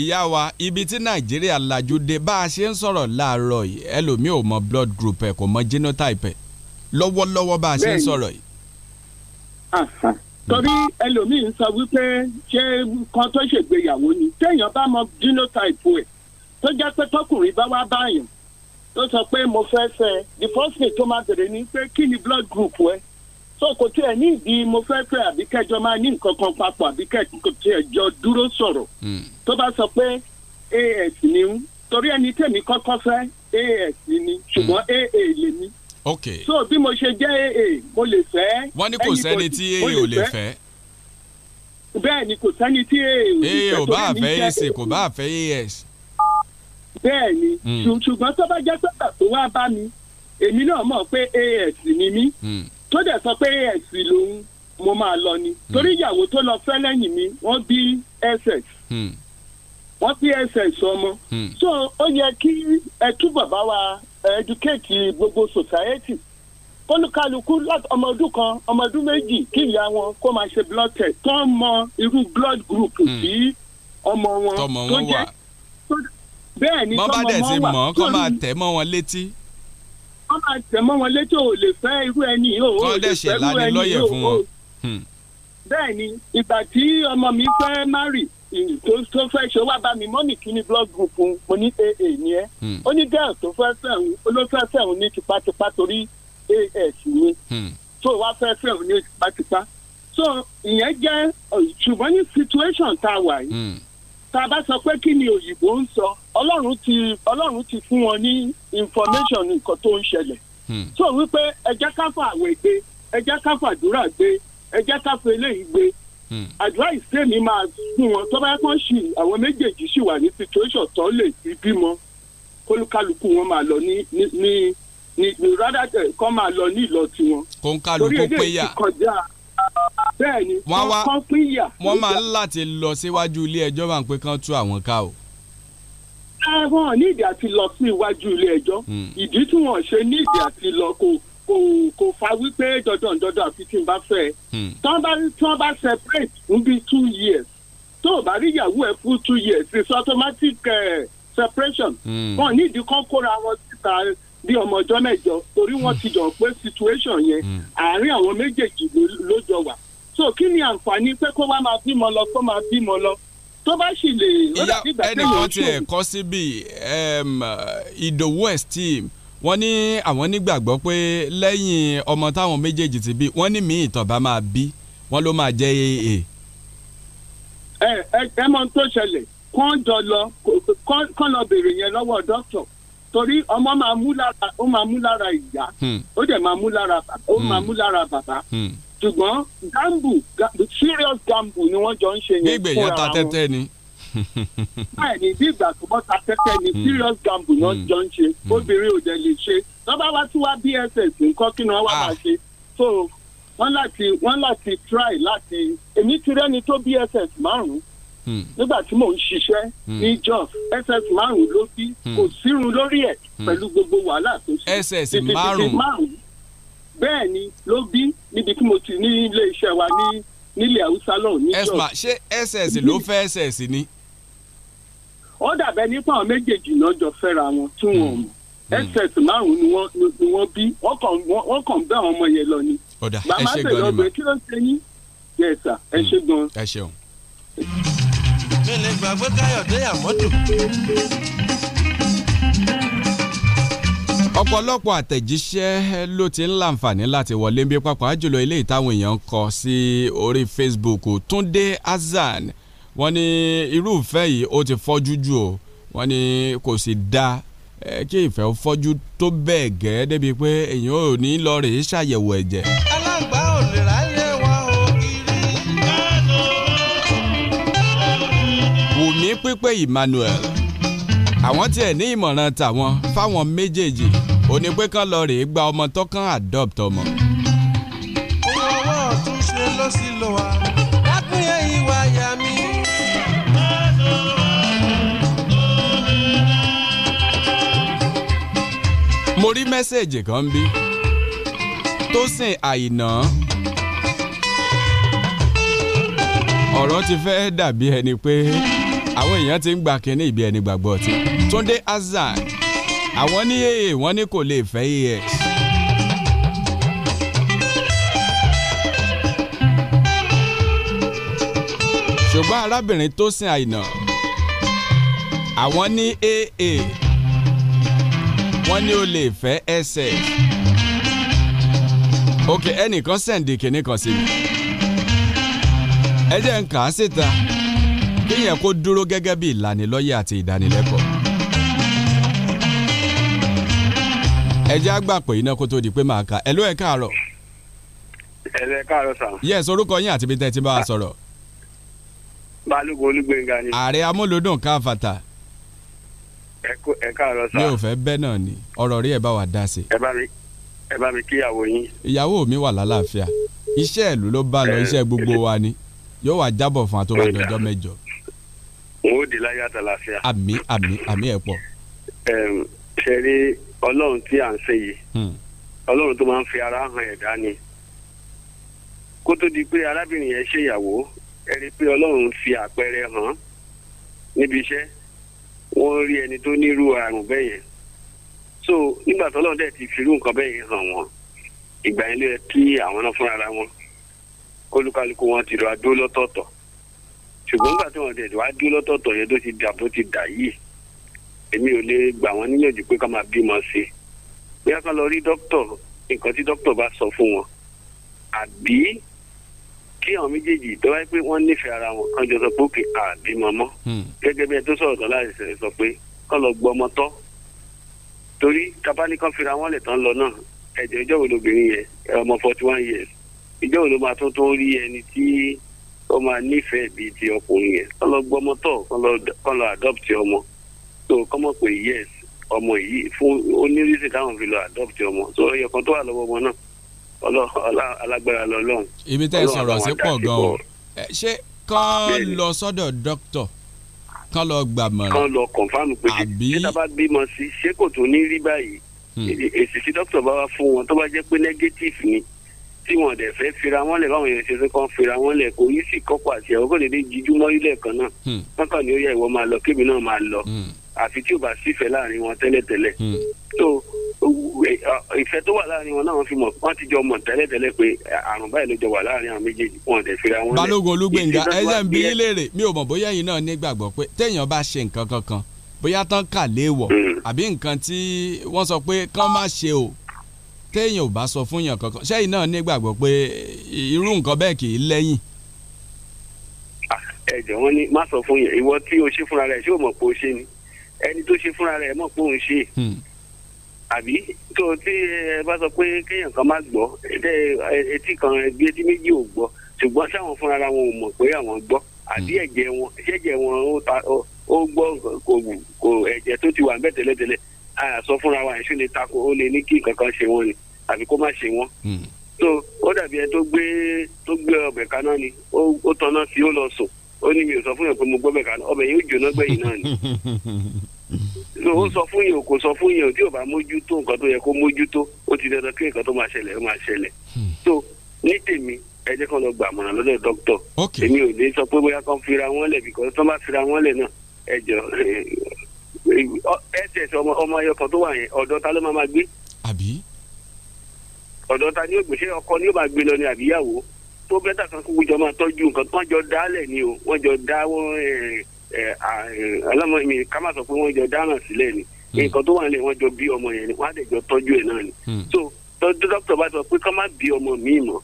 S4: ìyá wa ibi tí nàìjíríà làjú dé bá a ṣe ń sọ̀rọ̀ láàárọ̀ yìí ẹlòmíì ò mọ blood group ẹ̀ kò mọ genotype ẹ̀ lọ́wọ́lọ́wọ́ bá a ṣe ń sọ̀rọ̀ yìí.
S9: torí ẹlòmíì ń sọ wípé ṣé kan tó ṣègbéyàwó ni téèyàn bá mọ genotype ẹ̀ tó jẹ́ pé tọkùnrin bá wá báyàn tó sọ pé mo fẹ́ fẹ́ the first thing tó máa bèrè ni pé kí ni blood group ẹ̀ so kò tiẹ̀ ní ìdí mo fẹ́ fẹ́ àbí kẹjọ máa ní nǹkan kan papọ̀ àbí kẹjọ tiẹ̀ jọ dúró sọ̀rọ̀ hmm. tó bá sọ pé as ni ń torí ẹni tèmi kọ́kọ́ fẹ́ as ni ṣùgbọ́n hmm. aa lèmi. ok so bí mo ṣe jẹ́ aa mo lè fẹ́. wọ́n ní kò sẹ́ni tí aa ò lè fẹ́. bẹ́ẹ̀ ni kò sẹ́ni tí aa ò lè fẹ́. aa ò bá fẹ́ as kò bá fẹ́ as. bẹ́ẹ̀ ni hmm. ṣùgbọ́n tó bá jẹ́ pé bàbá wa bá mi èmi náà mọ̀ pé as ni mí. Mm tó dẹ̀ sọ pé ẹ̀sìn lòun mo máa lọ ni hmm. torí ìyàwó tó lọ fẹ́ lẹ́yìn mi wọ́n bí ẹsẹ̀ hmm. wọ́n bí ẹsẹ̀ sọmọ hmm. so ó yẹ kí ẹ túbọ̀ bá wa educate gbogbo society kólúkálukú ọmọ ọdún kan ọmọ ọdún méjì kí ìyá wọn kó máa ṣe blood test tó ń mọ irú blood group sí ọmọ wọn
S4: tó jẹ́ bẹ́ẹ̀ ni tọmọ wọn wà. bọ́n bá dẹ̀ ti mọ̀ kó máa tẹ̀ mọ́ wọn létí
S9: wọ́n máa tẹ̀ wọn létí ò lè fẹ́ irú ẹni yìí ò lè fẹ́ irú ẹni yìí ò hmm. bẹ́ẹ̀ ni ìgbà tí ọmọ mi fẹ́ márì tó tó fẹ́ ṣe wá bá mi mọ́mì kí ni blood group mo ní aa ni ẹ́ hmm. ó ní girl tó fẹ́ fẹ́hùn olófẹ́ fẹ́hùn ní tipátipá torí as ni tó hmm. wá fẹ́ fẹ́hùn ní tipátipá so ìyẹn jẹ́ ṣùgbọ́n ní situation tá a wà yìí tá a bá sọ pé kí ni òyìnbó ń sọ ọlọ́run ti ọlọ́run ti fún wọn ní information nǹkan tó ń ṣẹlẹ̀ hmm. so wípé ẹ jẹ́ ká fà àwẹ̀ gbé ẹ jẹ́ ká fàdúrà gbé ẹ jẹ́ ká fẹ́ eléyìí gbé hmm. àdúrà ìsẹ́mi máa fún wọn tó bá yẹ kán ṣì àwọn méjèèjì ṣì wà ní situation tó lè fi bímọ kólúkálukú wọn máa lọ ní ní ní ní rádà máa lọ ní ìlọ tiwọn.
S4: kó ń kálukú péyà torí eléyìí ti kọjá bẹ́ẹ̀ni kọ́ pínyà. wọ́n máa ń láti lọ síwájú ilé ẹjọ́ bá ń pé kán tú àwọn ká o.
S9: ẹ̀wọ̀n ah, nídìí àti lọ sí iwájú ilé ẹjọ́ hmm. ìdí tí wọ́n ṣe nídìí àti lọ kó kò kò fa wípé dandan dandan àfi tí n bá fẹ́ ẹ hmm. tí wọ́n bá separate fún bíi two years tó o bá rí ìyàwó ẹ fún two years it's automatic uh, separation hmm. wọ́n nídìí kán kóra wọn síta bí ọmọ ọjọ́ mẹ́jọ torí wọ́n ti jọ pé situation yẹn hmm. àárín àwọn méjèèjì ló jọ wà so kí ni àǹfààní pé kó wá máa bímọ lọ kó máa bímọ lọ tó bá sì lè
S4: lọ́dà nígbà tí yóò ṣòwò. ẹnìkan tiẹ̀ kọ́ síbi ìdòwú esteem wọ́n ní àwọn nígbàgbọ́ pé lẹ́yìn ọmọ táwọn méjèèjì ti bí wọ́n ní mí ìtọ̀bá máa bí wọ́n ló máa jẹ́ ee. ẹ ẹ mọ tó ṣẹlẹ̀
S9: kán jọ lọ kán lọ béèrè yẹn lọ́wọ́ dókítà torí ọmọ máa mú lára ó máa mú lára ìyá hmm. ó dẹ̀ máa mú lára bàbá ó máa hmm. mú lára bàbá hmm. ṣùgbọ́n gambu serious gambu ni wọ́n jọ ń ṣe yẹn fúnra wọn. bí ìgbẹ̀yàn ta tẹ́tẹ́ ni. bẹ́ẹ̀ni bí ìgbà tó bọ́ ta tẹ́tẹ́ ni serious gambu ni wọ́n jọ ń ṣe obìnrin ò dẹ̀ lè ṣe lọ́ba wá tí wá bss nǹkan kí ni wọ́n wá ah. máa ṣe so wọ́n láti wọ́n láti try láti èmi ti rẹ́ni tó bss márùn-ún Hmm. nígbà tí mò ń ṣiṣẹ́ hmm. ní Jos ss márùn-ún ló sí hmm. kò sírun lórí ẹ̀ pẹ̀lú gbogbo wàhálà tó
S4: ṣe ss márùn-ún bẹ́ẹ̀ ni ló bí níbi tí mo ti ní ilé iṣẹ́ wa ní nílẹ̀ haúsá náà ní Jos. esma ṣé ss ló fẹ́ ss ni.
S9: ó dàbẹ́ nípa àwọn méjèèjì náà jọ fẹ́ra wọn tí wọn ò mọ̀ ss márùn-ún ni wọ́n bí wọ́n kàn bẹ́ àwọn ọmọ yẹn lọ ni. ọ̀dà ẹ ṣe gan ni mà bàbá àgbẹ̀ lọ́gbẹ̀ẹ́ kí
S4: ló ń ṣe yín. yẹ ẹ sà ẹ ṣe gan. ẹ ṣeun
S1: mi lè gbàgbé káyọ̀dé àmọ́dù.
S4: ọ̀pọ̀lọpọ̀ àtẹ̀jíṣẹ́ ló ti ń láǹfààní láti wọlé bí pàápàá jùlọ ilé ìtàwọn èèyàn kọ sí orí Facebook Túndé Azan wọ́n ní irúfẹ́ yìí ó ti fọ́jú jù o wọ́n ní kò sì da kí ìfẹ́ fọ́jú tó bẹ́ẹ̀ gẹ́ débi pé èèyàn ò ní lọ rèé ṣàyẹ̀wò ẹ̀jẹ̀. pípé Emmanuel àwọn tiẹ̀ ní ìmọ̀ràn tàwọn fáwọn méjèèjì ó ní pé kán lọ rèé gba ọmọ tó kàn adopt ọmọ.
S10: owó ọwọ́ ọ̀tún ṣe ló sì lò wá lápẹ́yẹ ìwà ìyá mi.
S4: mo rí mẹ́sẹ̀gì kan bí tó sìn àìná ọ̀rọ̀ ti fẹ́ dàbí ẹni pé. Pe àwọn èèyàn ti ń gba kínní ìbí ẹni gbàgbọ́ ti Túndé Azan àwọn ní aa wọ́n ní kò lè fẹ́ as. ṣùgbọ́n arábìnrin tó sin àìnà àwọn ní aa wọ́n ní o lè fẹ́ ẹsẹ̀ ok ẹnìkan sẹ̀ǹdì kìnnìkan sí mi ẹ jẹ́ ń kà á síta kí yẹn kó dúró gẹ́gẹ́ bí ìlanilọ́yẹ̀ àti ìdánilẹ́kọ̀ọ́. ẹ jẹ́ iná kó tó di pé màá ka ẹ̀ ló káàárọ̀. ẹ lẹ káàárọ̀ sà. orúkọ yín àti ibi ti bá a sọ̀rọ̀. balógun olúgbénga ni. ààrẹ amúlòdùn káfàtà ẹ káàárọ̀ sá. mi ò fẹ́ bẹ́ẹ̀ náà ni ọ̀rọ̀ rí ẹ bá wa dá sí. ẹ
S11: bá mi ẹ bá mi kíyàwó yín.
S4: ìyàwó mi wà lálàáfíà iṣẹ́ ìlú ló bá lọ iṣẹ́ gbogbo wa ni yóò wá jábọ̀ fún àtọ́bàdọ́jọ́ mẹ́jọ o
S11: de di láyé àtàlàfíà.
S4: àmì àmì ami ẹ̀ pọ̀.
S11: ṣe rí ọlọ́run tí à ń ṣe yìí hmm. ọlọ́run tó máa ń fi ara hàn ẹ̀dá ni kó tó di pé arábìnrin yẹn ṣèyàwó ẹ rí i pé ọlọ́run fi àpẹẹrẹ hàn níbi iṣẹ́ wọ́n rí ẹni tó nírú àrùn bẹ́ẹ̀ yẹn so nígbà tó ọlọ́run dẹ̀ ti fi irú nǹkan bẹ́ẹ̀ yẹn hàn wọ́n ìgbà yẹn ló yẹ kí àwọn náà fúnra ra wọn kólúkálukú wọn ti rọ adó lọ́tọ̀ọ̀tọ̀ ṣùgbọ́n nígbà tí wọ́n tẹ̀ wá dúró lọ́tọ̀ọ̀tọ̀ yẹn tó ti dà tó ti dà yìí èmi ò lè gbà wọ́n níyànjú pé ká máa bímọ sí i bóyá ká lọ rí dókítọ̀ nǹkan tí dókítọ̀ bá sọ fún wọn àbí kí àwọn méjèèjì tó wáyé pé wọ́n nífẹ̀ẹ́ ara wọn kan jọ sọ pé òkè àbí mọ́mọ́ hmm. gẹ́gẹ́ bí ẹ tó sọ̀rọ̀ tán láti sọ pé kọ́ lọ gbọ́ ọmọ tọ́ torí tabanikan fira wọn lè tán lọ náà ẹ̀jẹ̀ ìjọ́ wo yẹn ọmọ forty one years ìjọ́ ló máa tó tó rí ẹni tí tó máa nífẹ̀ẹ́ bíi ti ọkùnrin yẹn kán lọ gbọ́mọ tọ̀ kán lọ adopt ọmọ tó kán mọ̀ pé yes ọmọ yìí fún onírìsì táwọn fi lọ adopt ọmọ tó ẹyọ kan tó wà lọ́wọ́ ọmọ náà alágbára lọ́lọ́run.
S4: ibi tẹ́ ẹ sọ̀rọ̀ sí pọ̀ gan-an ṣé kán lọ sọ́dọ̀ dókítà kán lọ gbàmọ̀ràn. kán
S11: lọ kọ̀nfàmù pé ṣé tá a bá bímọ sí ṣé kò tó ní rí báyìí hmm. èsì tí dókítà bá wá fún wọn tó bá jẹ́ pé negative ni tí wọ́n dẹ̀ fẹ́ fira wọn lẹ̀ báwọn yẹn ṣe fẹ́ kàn fira wọn lẹ̀ kò yí sí kọ́kọ́ àti ẹ̀wọ́ kò lè dé jíjú mọ́ ilẹ̀ kan náà hmm. wọ́n kàn ní ó yẹ ìwọ máa lọ kébì náà máa lọ hmm. àfi tí ò bá sífẹ̀ẹ́ láàrin wọn tẹ́lẹ̀tẹ́lẹ̀ tó hmm. ìfẹ́ tó wà láàrin wọn náà wọ́n fi mọ̀ wọ́n ti jọ mọ̀ tẹ́lẹ̀tẹ́lẹ̀ pé àrùn báyìí ló jọ wà láàrin àwọn méjèèjì wọn dẹ̀ fira wọn. balógun olúgbẹ̀ngà ẹ̀sẹ̀ ń bí
S4: léèrè mi ò mọ̀ bóyá yìí náà nígbàgbọ́ pé téèyàn bá ṣe nǹkan kankan bóyá tán kà léèwọ̀ àbí nǹkan tí wọ́n sọ pé kán má ṣe o téèyàn ò bá sọ fún yàn kankan sẹ́yìn náà nígbàgbọ́ pé irú nǹkan bẹ́ẹ̀ kì í lẹ́yìn.
S11: ẹ jọ̀ọ́ wọ́n ní má sọ fún yàn ìwọ tí o ṣe fúnra rẹ̀ ṣé o mọ̀ pé o ṣe ni ẹni tó ṣe fúnra rẹ̀ mọ̀ pé òun ṣe hmm. àbí tó tí ẹ bá sọ pé kéèyàn kan má gbọ́ etí kan ẹbí etí méjì ò gbọ́ ṣùgbọ́n sáwọn fúnra wọn ò mọ̀ pé àwọn gbọ́ àbí hmm. ẹ̀jẹ̀ wọn ṣẹ̀jẹ̀ wọn ó gbọ́ kò ẹ̀jẹ̀ tó ti wà ń bẹ̀ tẹ́lẹ̀tẹ́lẹ̀ àyà sọ fúnra wa ẹ̀ṣin lè takò ó lè ní kí nǹkan kan ṣe wọn ni àbí kó má ṣe wọ́n. so ó dàbí ẹni tó gbé tó gbé ọbẹ̀ kaná ni ó tanná sí ó lọ sùn ó ní mi ò sọ fún yẹn pé mo gbọ́bẹ̀ kaná ọbẹ̀ yóò jóná gbẹ̀yìn náà ni. so ó sọ fún yẹn kò sọ fún yẹn tí ò bá mójútó nǹkan tó yẹ kó mójútó ó ti dandan kí nǹkan tó máa ṣẹlẹ̀ ó máa ṣẹlẹ̀. so ní tèmi ẹ jẹ́ kán lọ gbà mọ̀ràn lọ́dọ̀ dókítọ̀ èmi ò ní sọ pé bóyá kán fira wọn lẹ̀ bìkọ́ tán bá fira wọn lẹ̀ náà ẹ jọ ss ọmọ ọmọ ayọkọ tó wà yẹn ọ̀dọ̀ ta ló máa máa gbé. àbí ọ̀dọ̀ ta ni ó gbèsè ọkọ ni ó máa gbé lọ ní àbíyàwó tó bẹ́tà kan kúkú jọ máa tọ́jú nǹkan tán jọ dálẹ̀ ni o wọ́n jọ dá wọ́n ọlọ́mọ mi ká má sọ pé wọ́n jọ dáràn sílẹ̀ ni hmm. nǹkan tó wà nílẹ̀ wọ́n jọ bí ọmọ yẹn ni wọ́n á dẹ̀ jọ tọ́jú ẹ̀ náà ni hmm. so dókítà bá sọ pé kán má bí ọmọ míì mọ́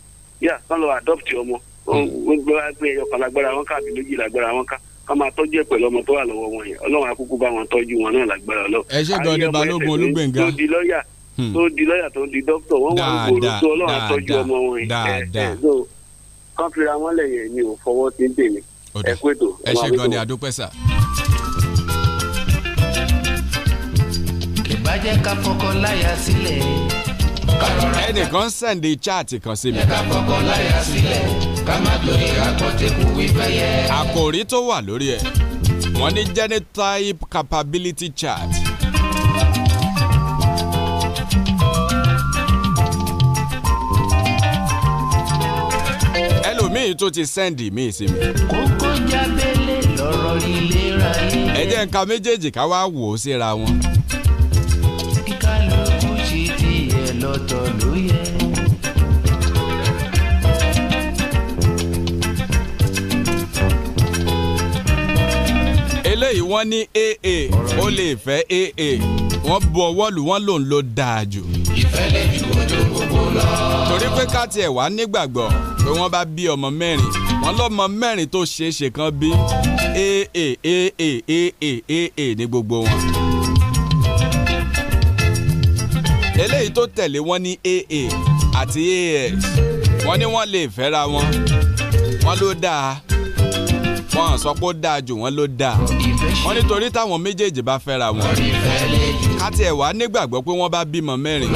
S11: yà kán lọ adopt ọmọ wọ́n gbọ́dọ̀ pé ọkàn lágbára ọmọ tó wà lọ́wọ́ wọn yẹn ọlọ́run akúkú bá wọn tọ́jú wọn náà lágbára ọlọ́run. ẹ ṣe gan ni balógun olúgbẹ̀ngà. àyè ọmọ ẹ̀ Hmm. tó di lọ́yà tó di dókítà wọ́n wà ń gbòòrò tó ọlọ́run àtọ́jú ọmọ wọn yìí So kán fira wọn lẹ̀ yẹn ni ò fọwọ́ ti ń tèmi ẹ kú ètò ẹ ṣe gan ni adúpẹ́
S4: sà.
S12: ìbàjẹ́ ká fọkọ láyà
S4: sílẹ̀. ẹnìkan sẹ́ndí chaati kan sí mi. ká fọkọ láyà sílẹ̀ ká má torí akọ́tẹ̀kù wípé yẹ. àkòrí tó wà lórí ẹ̀ wọ́n ní genotype capability chart míì tó ti sẹ́ndì míì sí mi.
S12: kókó jábélé
S10: lọ́rọ̀
S4: ìlera yìí. ẹ jẹ́ nǹkan méjèèjì ká wá wò ó síra wọn.
S12: kíkálukú ṣe tiẹ̀ lọ́tọ̀ ló yẹ.
S4: eléyìí wọ́n ní aa ó lè fẹ́ aa wọ́n bu ọwọ́ lù wọ́n lòun ló dáa jù. ìfẹ́ lè ju ojú gbogbo lọ. torí pé ká tiẹ̀ wá nígbàgbọ́ pé wọ́n bá bí ọmọ mẹ́rin wọ́n lọ́mọ mẹ́rin tó ṣeé ṣe kan bí aa aa aa aa ní gbogbo wọn. eléyìí tó tẹ̀lé wọn ní aa àti as wọ́n ní wọ́n lè fẹ́ra wọn wọ́n ló dáa wọ́n hàn sọ pé ó dáa jù wọ́n ló dáa wọ́n nítorí táwọn méjèèjì bá fẹ́ra wọn ká tiẹ̀ wá nígbàgbọ́ pé wọ́n bá bímọ mẹ́rin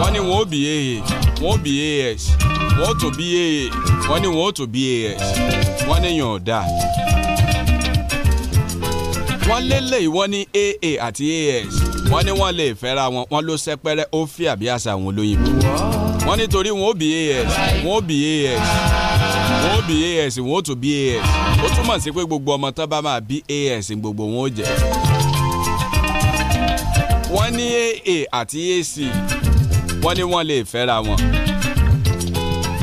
S4: wọ́n ní wọn ó bí aa wọn ó bí as wọn ó tó bí aa wọn ní wọn ó tó bí as wọn níyàn ọ̀dà wọn lélẹ̀ ìwọ ní aa àti as wọn ní wọn lè fẹ́ra wọn wọn ló sẹ́pẹ́rẹ́ ó fi àbí àṣà àwọn olóyìnbó wọn nítorí wọn ó bí as wọn ó as wọn ó as wọn tó bí as ó túmọ̀ sí pé gbogbo ọmọ tán bá máa bí as gbogbo wọn ó jẹ wọ́n ní aa àti ac wọ́n ní wọ́n lè fẹ́ra wọn.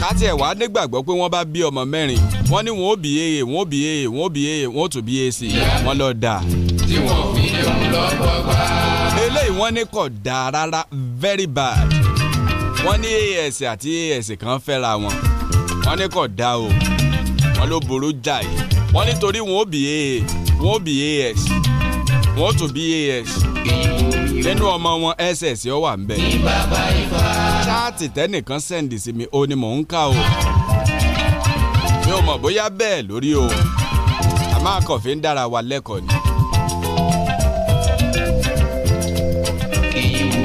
S4: káti ẹ̀ wá nígbàgbọ́ pé wọ́n bá bí ọmọ mẹ́rin wọ́n ní wọ́n ó bí eye wọ́n ó bí eye wọ́n ó bí eye wọ́n ó tún bí eye sí i wọ́n lọ dà. tí
S12: wọ́n fi ẹ̀hún lọ́gbọ̀ gbà.
S4: eléyìí wọ́n ní kò dáa rárá very bad wọ́n ní as àti as kan fẹ́ra wọn wọ́n ní kò dáa o wọ́n ló burú jáì wọ́n nítorí wọ́n ó bí eye wọ́n ó bí as wọ́n ó tún bí as nínú ọmọ wọn ss ọ wà ń bẹ chaati tẹnìkan sẹ́ndì sí mi ó ní mò ń kà o mi ò mọ̀ bóyá bẹ́ẹ̀ lórí o a máa kàn fi ń dára wa lẹ́kọ̀ọ́ ni.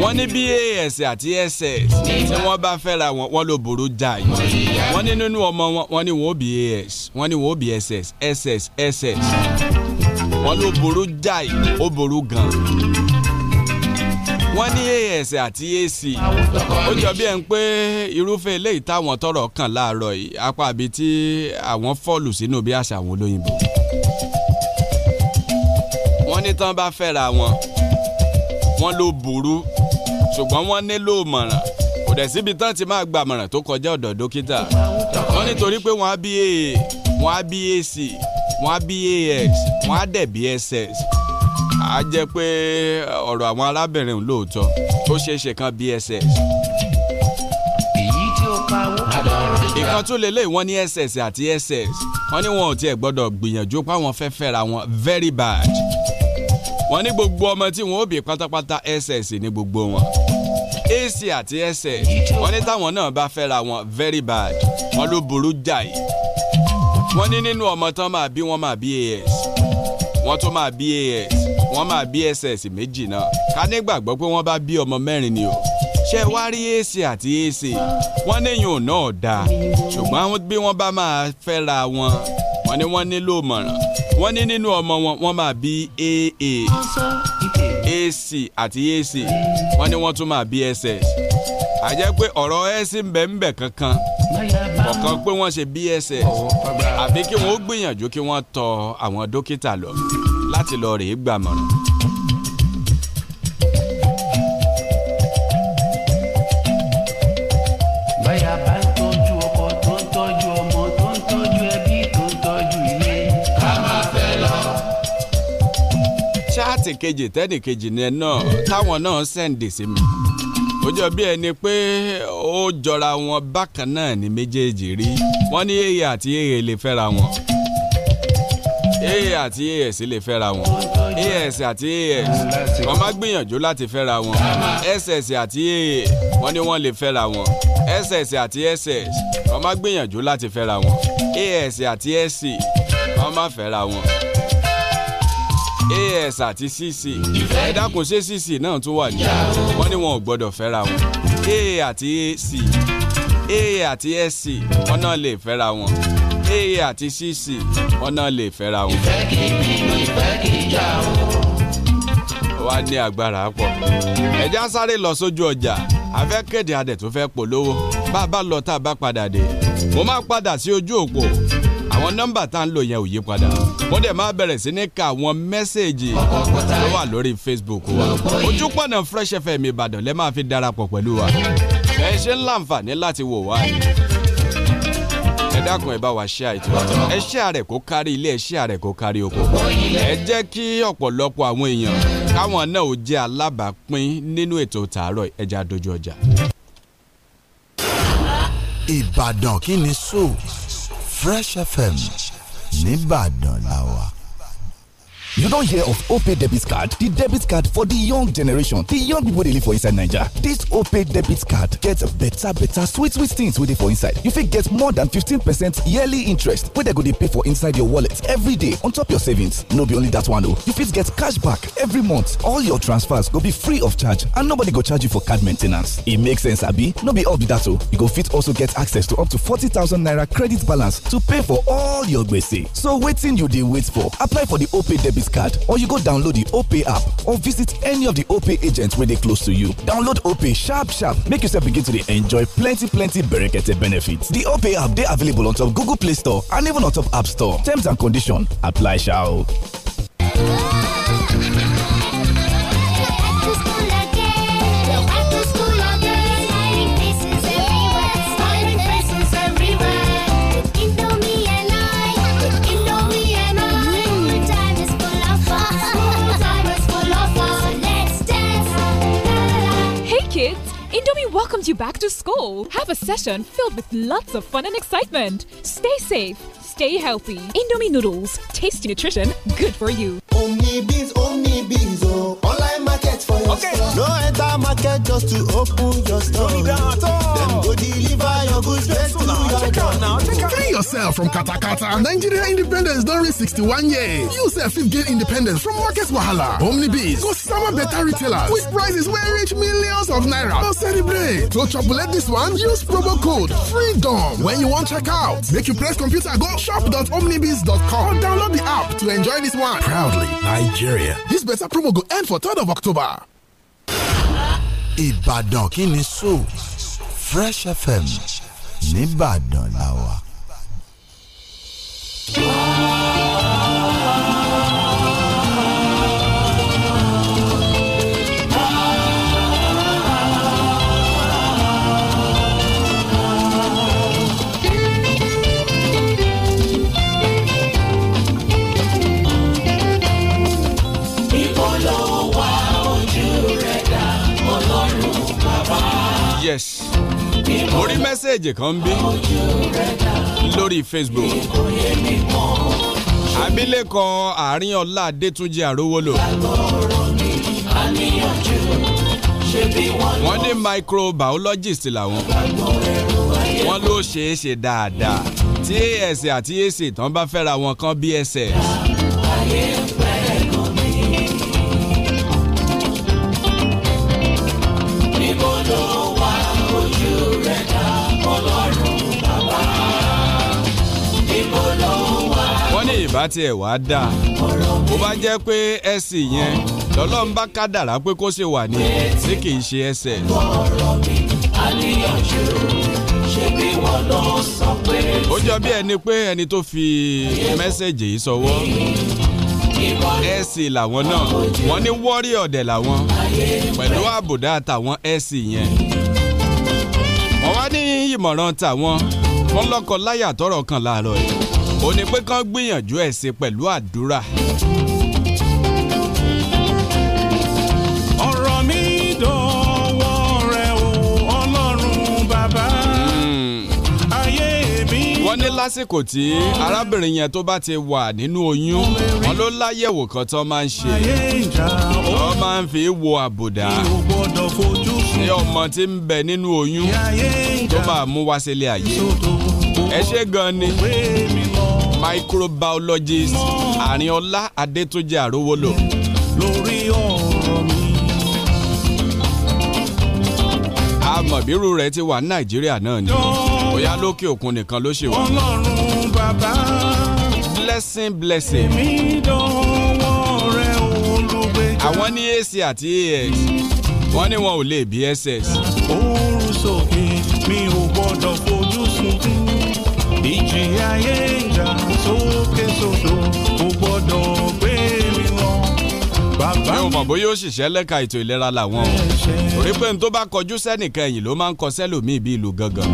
S4: wọ́n ní bas àti ss tí wọ́n bá fẹ́ra wọn wọ́n ló burú jáì wọ́n ní nínú ọmọ wọn wọ́n ní wọ́n bas wọ́n ní wọ́n bss ss ss wọ́n ló burú jáì ó burú gan-an wọ́n ní as àti ac ó jọ bí ẹ̀ ń pé irúfẹ́ eléyìí táwọn tọrọ kàn láàárọ̀ yìí apá àbí tí àwọn fọ́ọ̀lù sínú bí àṣà àwọn olóyìnbó wọ́n ní tán bá fẹ́ra wọn wọ́n ló burú ṣùgbọ́n wọ́n nílò mọ̀ràn kò dẹ̀ síbi tán ti máa gba mọ̀ràn tó kọjá ọ̀dọ̀ dókítà wọ́n nítorí pé wọ́n á bí aa wọ́n á bí ac wọ́n á bí as wọ́n á dẹ̀ bí ss á jẹ́ pé ọ̀rọ̀ àwọn arábìnrin lóòótọ́ ó ṣeé ṣe kan bss.
S12: èyí tí ó pa owó àdánù.
S4: ìkan tún lè lé wọn ní ss àti ss wọn ní wọn ò tiẹ̀ gbọ́dọ̀ gbìyànjú páwọn fẹ́ fẹ́ra wọn very bad wọn ní gbogbo ọmọ tí wọn ó bí pátápátá ss ní gbogbo wọn ac àti ss wọn ní táwọn náà bá fẹ́ra wọn very bad wọn ló burú jáì wọ́n ní nínú ọmọ tán máa bí wọ́n máa bí as wọ́n tún máa bí as wọ́n máa bí ss méjì náà ká nígbàgbọ́ pé wọ́n bá bí ọmọ mẹ́rin ni o ṣé wá rí ac àti ac wọ́n níyùn náà dáa ṣùgbọ́n bí wọ́n bá máa fẹ́ra wọn wọ́n ní wọ́n nílò mọ̀ràn wọ́n ní nínú ọmọ wọn wọ́n máa bí aa ac àti ac wọ́n ní wọ́n tún máa bí ss àjẹ́ pé ọ̀rọ̀ ẹ̀sìn ń bẹ ń bẹ kankan ọ̀kan pé wọ́n ṣe bss àbí kí wọ́n ó gbìyànjú kí wọ́n tọ àwọn dókítà lọ láti lọ rèé gbàmọ̀ràn. ṣáàtì kejì tẹ́nì kejì ni ẹ náà táwọn náà sẹ́ǹdì sí mi ó jọ bí ẹni pé ó jọra wọn bákan náà ní méjèèjì rí wọ́n ní èyí àti èyí lè fẹ́ra wọn aa àti as lè fẹ́ra wọn as àti as wọ́n máa gbìyànjú láti fẹ́ra wọn ss àti aa wọ́n ní wọ́n lè fẹ́ra wọn ss àti ss wọ́n máa gbìyànjú láti fẹ́ra wọn as àti sc wọ́n máa fẹ́ra wọn as àti cc ẹ dákun ṣé cc náà tún wà ní wọ́n ní wọn ò gbọ́dọ̀ fẹ́ra wọn a àti ac a àti sc wọ́n náà lè fẹ́ra wọn aa àti cc ọ̀nà lè fẹ́ra wọn. ìfẹ́
S1: kì í bínú ìfẹ́ kì í jà
S4: o. wá ní agbára pọ̀ ẹ̀já sáré lọ sójú ọjà afẹ́ kéde adẹ̀ tó fẹ́ polówó bá a bá lọ tá a bá padà dé mo máa padà sí ojú òpó àwọn nọ́mbà tá a ń lò yẹn ò yí padà mo dẹ̀ máa bẹ̀rẹ̀ sí ní ka àwọn mẹ́sẹ̀gì tó wà lórí Facebook wa ojú pọ̀nà Fresh FM Ìbàdàn lẹ́ máa fi darapọ̀ pẹ̀lú wa ẹ ṣe ń láǹfààní láti wò wá yìí ẹ dákun ẹ bá wa ṣíà ètò ẹ ṣíà rẹ̀ kó kárí ilé ẹ ṣíà rẹ̀ kó kárí oko ẹ jẹ́ kí ọ̀pọ̀lọpọ̀ àwọn èèyàn káwọn náà ò jẹ́ alábàápín nínú ètò tààrọ̀
S1: ẹja dojú ọjà. Ìbàdàn kí ni so Fresh FM nìbàdàn làwà.
S2: You don't hear of opay debit card? The debit card for the young generation. The young people dey live for inside Niger. This opay debit card gets better better sweet sweet things wey dey for inside. You fit get more than 15% yearly interest wey they go dey pay for inside your wallet every day on top your savings. No be only that one though. You fit get cash back every month. All your transfers go be free of charge and nobody go charge you for card maintenance. It makes E make sense abi? No be all be that though. You go fit also get access to up to 40,000 naira credit balance to pay for all your gbese. So waiting you they wait for? Apply for the opay debit gift card or you go download the OPay app or visit any of the OPay agents when they close to you. Download OPay sharp sharp make yourself begin to dey enjoy plenty plenty berekete benefits. The OPay app they available on top Google Play Store and even on top App Store. Terms and condition apply sha o.
S3: welcomes you back to school. Have a session filled with lots of fun and excitement. Stay safe, stay healthy. Indomie noodles, tasty nutrition, good for you.
S12: Omni beans, Omni beans, oh, online market for your okay. store. No enter market just to
S3: open your store. No Then go deliver your goods straight to your check Out now, check out. Free yourself from Katakata. Kata. Nigeria independence don't reach 61 years. You self fit gain independence from market wahala. Omni beans, go summer better retailers with prices where reach millions of naira. No celebrate. To chocolate this one, use promo code FREEDOM when you want check out. Make you press computer go shop.omnibis.com or download the app to enjoy this one. Proudly
S1: Nigeria. This better promo will end for 3rd of October. Ibadan kini so Fresh FM Nìbàdàn làwà.
S4: yes mo rí mẹ́sẹ̀gì kan ń bí lórí Facebook abilékọ àárín ọlá adétúnjì àrówólò wọ́n ní microbiologist làwọn wọ́n ló ṣeé ṣe dáadáa tí as àti ac tán bá fẹ́ra wọn kan bí ẹsẹ̀. bá tiẹ̀ wá dáa bó bá jẹ́ pé ẹ̀sìn yẹn lọ́lọ́run bá kádàrá pé kó ṣe wà ní tí kì í ṣe ẹsẹ̀. ọ̀rọ̀
S1: mi àníyànjú ṣé bí wọ́n lọ ó
S4: jọ bí ẹni pé ẹni tó fi mẹ́sẹ̀gì yìí sọwọ́ ẹ̀sìn làwọn náà wọ́n ní wọ́rí ọ̀dẹ̀ làwọn pẹ̀lú àbùdá àtàwọn ẹ̀sìn yẹn. wọ́n wá ní ìmọ̀ràn tàwọn wọ́n lọ́kọ láyà tọrọ kan láàárọ̀ yìí ó ní pé kán gbìyànjú ẹ̀ ṣe pẹ̀lú àdúrà.
S1: ọ̀rọ̀ mi dọ̀wọ́
S3: rẹ̀ o ọlọ́run bàbá hmm. ayé mi. wọ́n ní
S4: lásìkò tí arábìnrin yẹn tó bá ti wà nínú oyún wọn ló láyẹ̀wò kan tó máa ń ṣe wọ́n máa ń fi wo àbùdá ní ọmọ tí ń bẹ nínú oyún tó máa mú wá sílé ayé ẹ ṣé gan ni microbiologist àrínọlá adétúnjẹ àrówólò.
S3: lórí ọ̀rọ̀ mi.
S4: àmọ̀bírú rẹ̀ ti wà ní nàìjíríà náà ni bóyá lókè òkun nìkan ló ṣe wà. blessing blessing. èmi
S3: dánwọ́ rẹ̀
S4: olùgbèjà. àwọn ní ac àti ax wọ́n ní wọn ò lè bí ss.
S1: oorun sókè mi ò gbọ́dọ̀ fojú sunkún ìjì ayé ìjà sókè sódò kò gbọ́dọ̀ gbé mi wọn.
S4: bàbá mi ò mọ̀ bóyá ó ṣiṣẹ́ lẹ́ka ètò ìlera làwọn o torí pé n tó bá kọjú sẹ́nìkan ẹ̀yìn ló máa ń kọ sẹ́lòmíì bíi ìlú gangan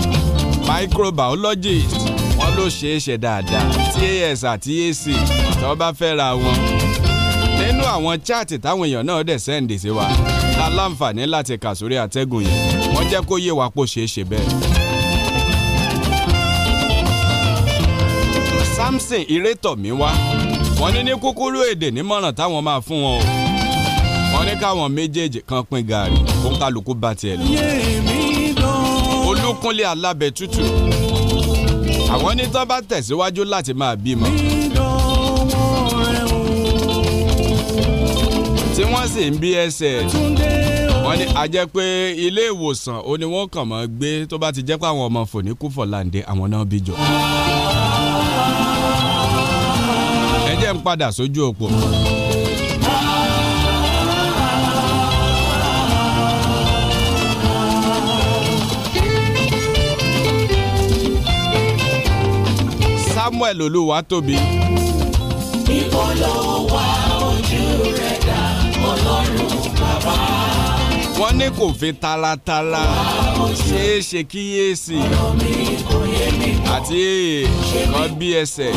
S4: microbiologist wọn ló ṣeé ṣe dáadáa TAS àti AC tí wọ́n bá fẹ́ ra wọn nínú àwọn chaati táwọn èèyàn náà dẹ̀ sẹ́ǹdì sí wa la láǹfààní láti kà sórí àtẹ́gùn yẹn wọ́n jẹ́ kó yé wa pò ṣeé ṣe bẹ́ẹ̀. Samson Irétọ̀míwá wọ́n ní ní kúkúrú èdè nímọ̀ràn táwọn máa fún wọn o wọ́n ní káwọn méjèèjì kan pín gààrí kó kálukú bá tiẹ̀ lọ. Olúkúnlé Alábẹ́tútù àwọn ní tó bá tẹ̀síwájú láti máa bímọ. tí wọ́n sì ń bí ẹsẹ̀ wọ́n ní a jẹ́ pé ilé ìwòsàn oníwọ̀n kàn mọ́ gbé tó bá ti jẹ́ pé àwọn ọmọ fòní kú fọ̀láǹdé àwọn náà bí jọ ń padà sójú òpó. Samuel Olúwatóbi.
S10: ìbọn lọ.
S4: ní kò fi talatala ṣeé ṣe kíyèsí àti ìkan bí ẹsẹ̀.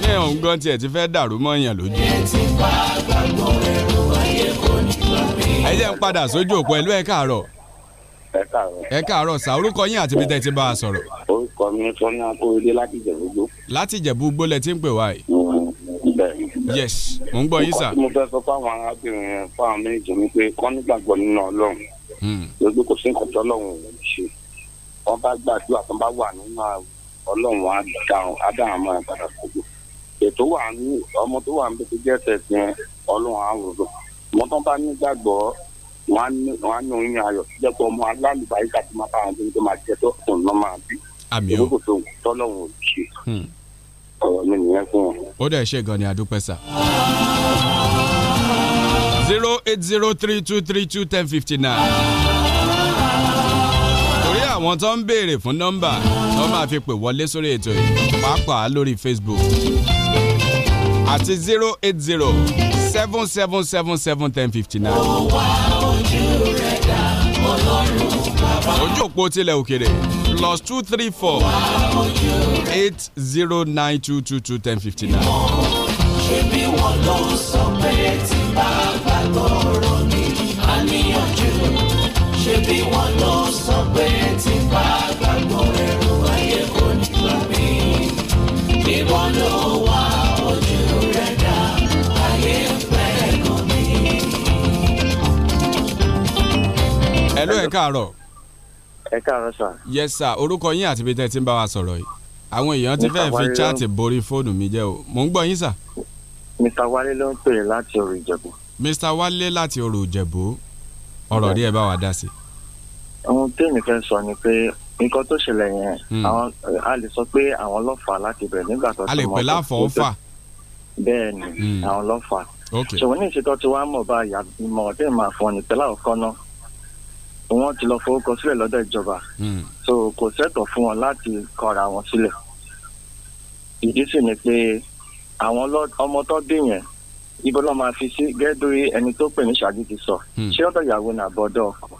S4: ní ọ̀hún tiẹ̀ ti fẹ́ dàrú mọ́yàn lójú. ẹ jẹ́ ń padà sójú òpó ẹ̀lú ẹ̀ káàárọ̀ ẹ káàárọ̀ sà orúkọ yín àti bíi tẹ́ ti bá a sọ̀rọ̀. orúkọ mi sọ ní akóredé láti Ìjẹ̀bú Igbó. láti Ìjẹ̀bú Igbó lẹ ti ń pè wá yìí yes mò ń gbọ́ yín sà. mo fẹ́ sọ fáwọn
S5: arábìnrin yẹn fáwọn méjì ni pé kọ́ nígbàgbọ́ nínú ọlọ́run gbogbo hmm. kò sí nǹkan tó ọlọ́run ò ní ṣe wọ́n bá gbàdúrà tó bá wà nínú ọlọ́run á dá àwọn gbogbo ètò wà ní ọmọ tó wà níbi tó jẹ́ tẹ̀sí ọlọ́run á rọrùn wọ́n bá nígbàgbọ́ wọ́n á ní oyún ayọ̀ tó jẹ́ pé ọmọ alálùbáyé kàtó máa bá àwọn tó máa tó máa bí
S4: ọ̀rọ̀ mi nìyẹn fún wọn. ó dẹ̀ ṣe gan ni àdúpẹ́ zero eight zero three two three two ten fifty nine. torí àwọn tó ń béèrè fún nọ́mbà tó máa fi pè wọlé sórí ètò yìí pàápàá lórí Facebook àti zero eight zero seven seven seven seven ten fifty nine. ó wá
S10: ojú rẹ̀ dá ọlọ́run bàbá.
S4: ojú òpó tilẹ̀ òkèrè plus two three four eight zero nine two two two ten fifty nine.
S1: ṣé bí wọ́n ló sọ pé tí bàbá tó ronú àníyànjú ṣé bí wọ́n ló sọ pé tí bàbá tó rẹrù ayé kò ní lọ bí
S4: ló wà ojú rẹ̀
S10: dá ayé fẹ́ kàn mí.
S4: ẹ ló ẹ ẹ káàárọ̀ sà. yes sir orúkọ yín àti ibi tẹ́ ti ń bá wa sọ̀rọ̀ yìí àwọn èèyàn ti fẹ́ẹ́ fi chaati borí fóònù mi jẹ́ o mò ń gbọ́ yín sà.
S6: mr wálé ló ń pè láti òrò ìjẹ̀bú.
S4: mr wálé láti òrò ìjẹ̀bú ọ̀rọ̀ rí ẹ bá wa dá sí. ohun tí èmi
S6: fẹ́ sọ ni pé nǹkan tó ṣẹlẹ̀ yẹn hmm. àwọn a lè sọ pé àwọn lọ́fà láti bẹ̀rẹ̀ nígbà tó tó mọ́ a lè pè láfọ̀ ó fà. bẹ́ẹ̀ ni hmm. àwọn lọ́fà. ṣùgbọ́n ní ìṣètò tí wàá mọ̀ bá yà mọ̀ ọ́ wọ́n ti lọ forúkọ sílẹ̀ lọ́dọ̀ ìjọba hmm. so kò sẹ́tọ̀ fún wọn láti kọra wọn sílẹ̀ ìdí sì ni pé àwọn ọmọ tó dé yẹn ibo ló máa fi sí gẹ́dórí ẹni tó pè ní ṣáájú ti sọ hmm. ṣé ọ̀dọ̀ ìyàwó ni àbọ̀dọ̀ ọkọ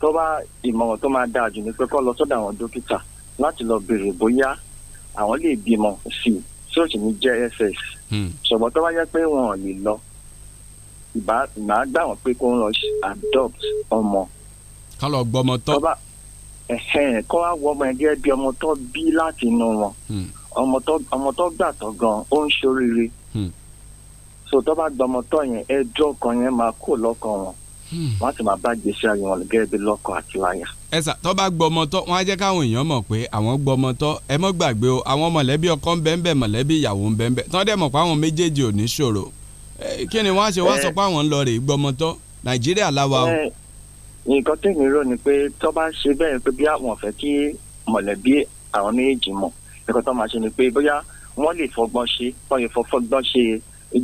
S6: tó bá ìmọ̀ràn tó máa dáa jù ni pé kọ́ lọ sọ́dọ̀ àwọn dókítà láti lọ béèrè bóyá àwọn lè bímọ sí i tí ó ní jẹ́ ss hmm. tó bá yẹ pé wọn ò lè lọ ìbá gbà wọ́n pé kó ń lọ adopt ọmọ kán lọ gbọmọ tọ́. kọ́ wá wọ ọmọ ẹgbẹ́ bí ọmọ tó bí láti inú wọn hmm. ọmọ tó gbà tọ́ gan ó ń ṣoríire hmm. so tó bá gbọmọ tọ́ yẹn ẹjọ́ kan yẹn máa kó lọ́kàn wọn hmm. wọ́n á sì máa bá gbèsè ayé wọn gẹ́gẹ́ bí lọ́kọ àti láyà.
S4: ẹ sà tó bá gbọmọ tọ́ wọ́n á jẹ́ káwọn èèyàn mọ̀ pé àwọn gbọmọ tọ́ ẹ mọ́ gbàgbé o àwọn mọ̀lẹ́bí ọkọ ń mọ̀lẹ́bí ìyàwó ń bẹ dẹ̀ mọ̀ pé àwọn méjèèjì ò ní ṣòro kí ni wọ́n á ṣe wá sọ pé àwọn ń lọ rè gbọmọ tọ́ nàìjíríà láwa o. ẹ
S6: nǹkan tèmi rò ni pé tó bá ṣe bẹ́ẹ̀ pé bí àwọn fẹ́ kí mọ̀lẹ́bí àwọn méjèèjì mọ̀ nǹkan tó máa ṣe ni pé bóyá wọ́n lè fọgbọ́n ṣe wọ́n lè fọgbọ́n ṣe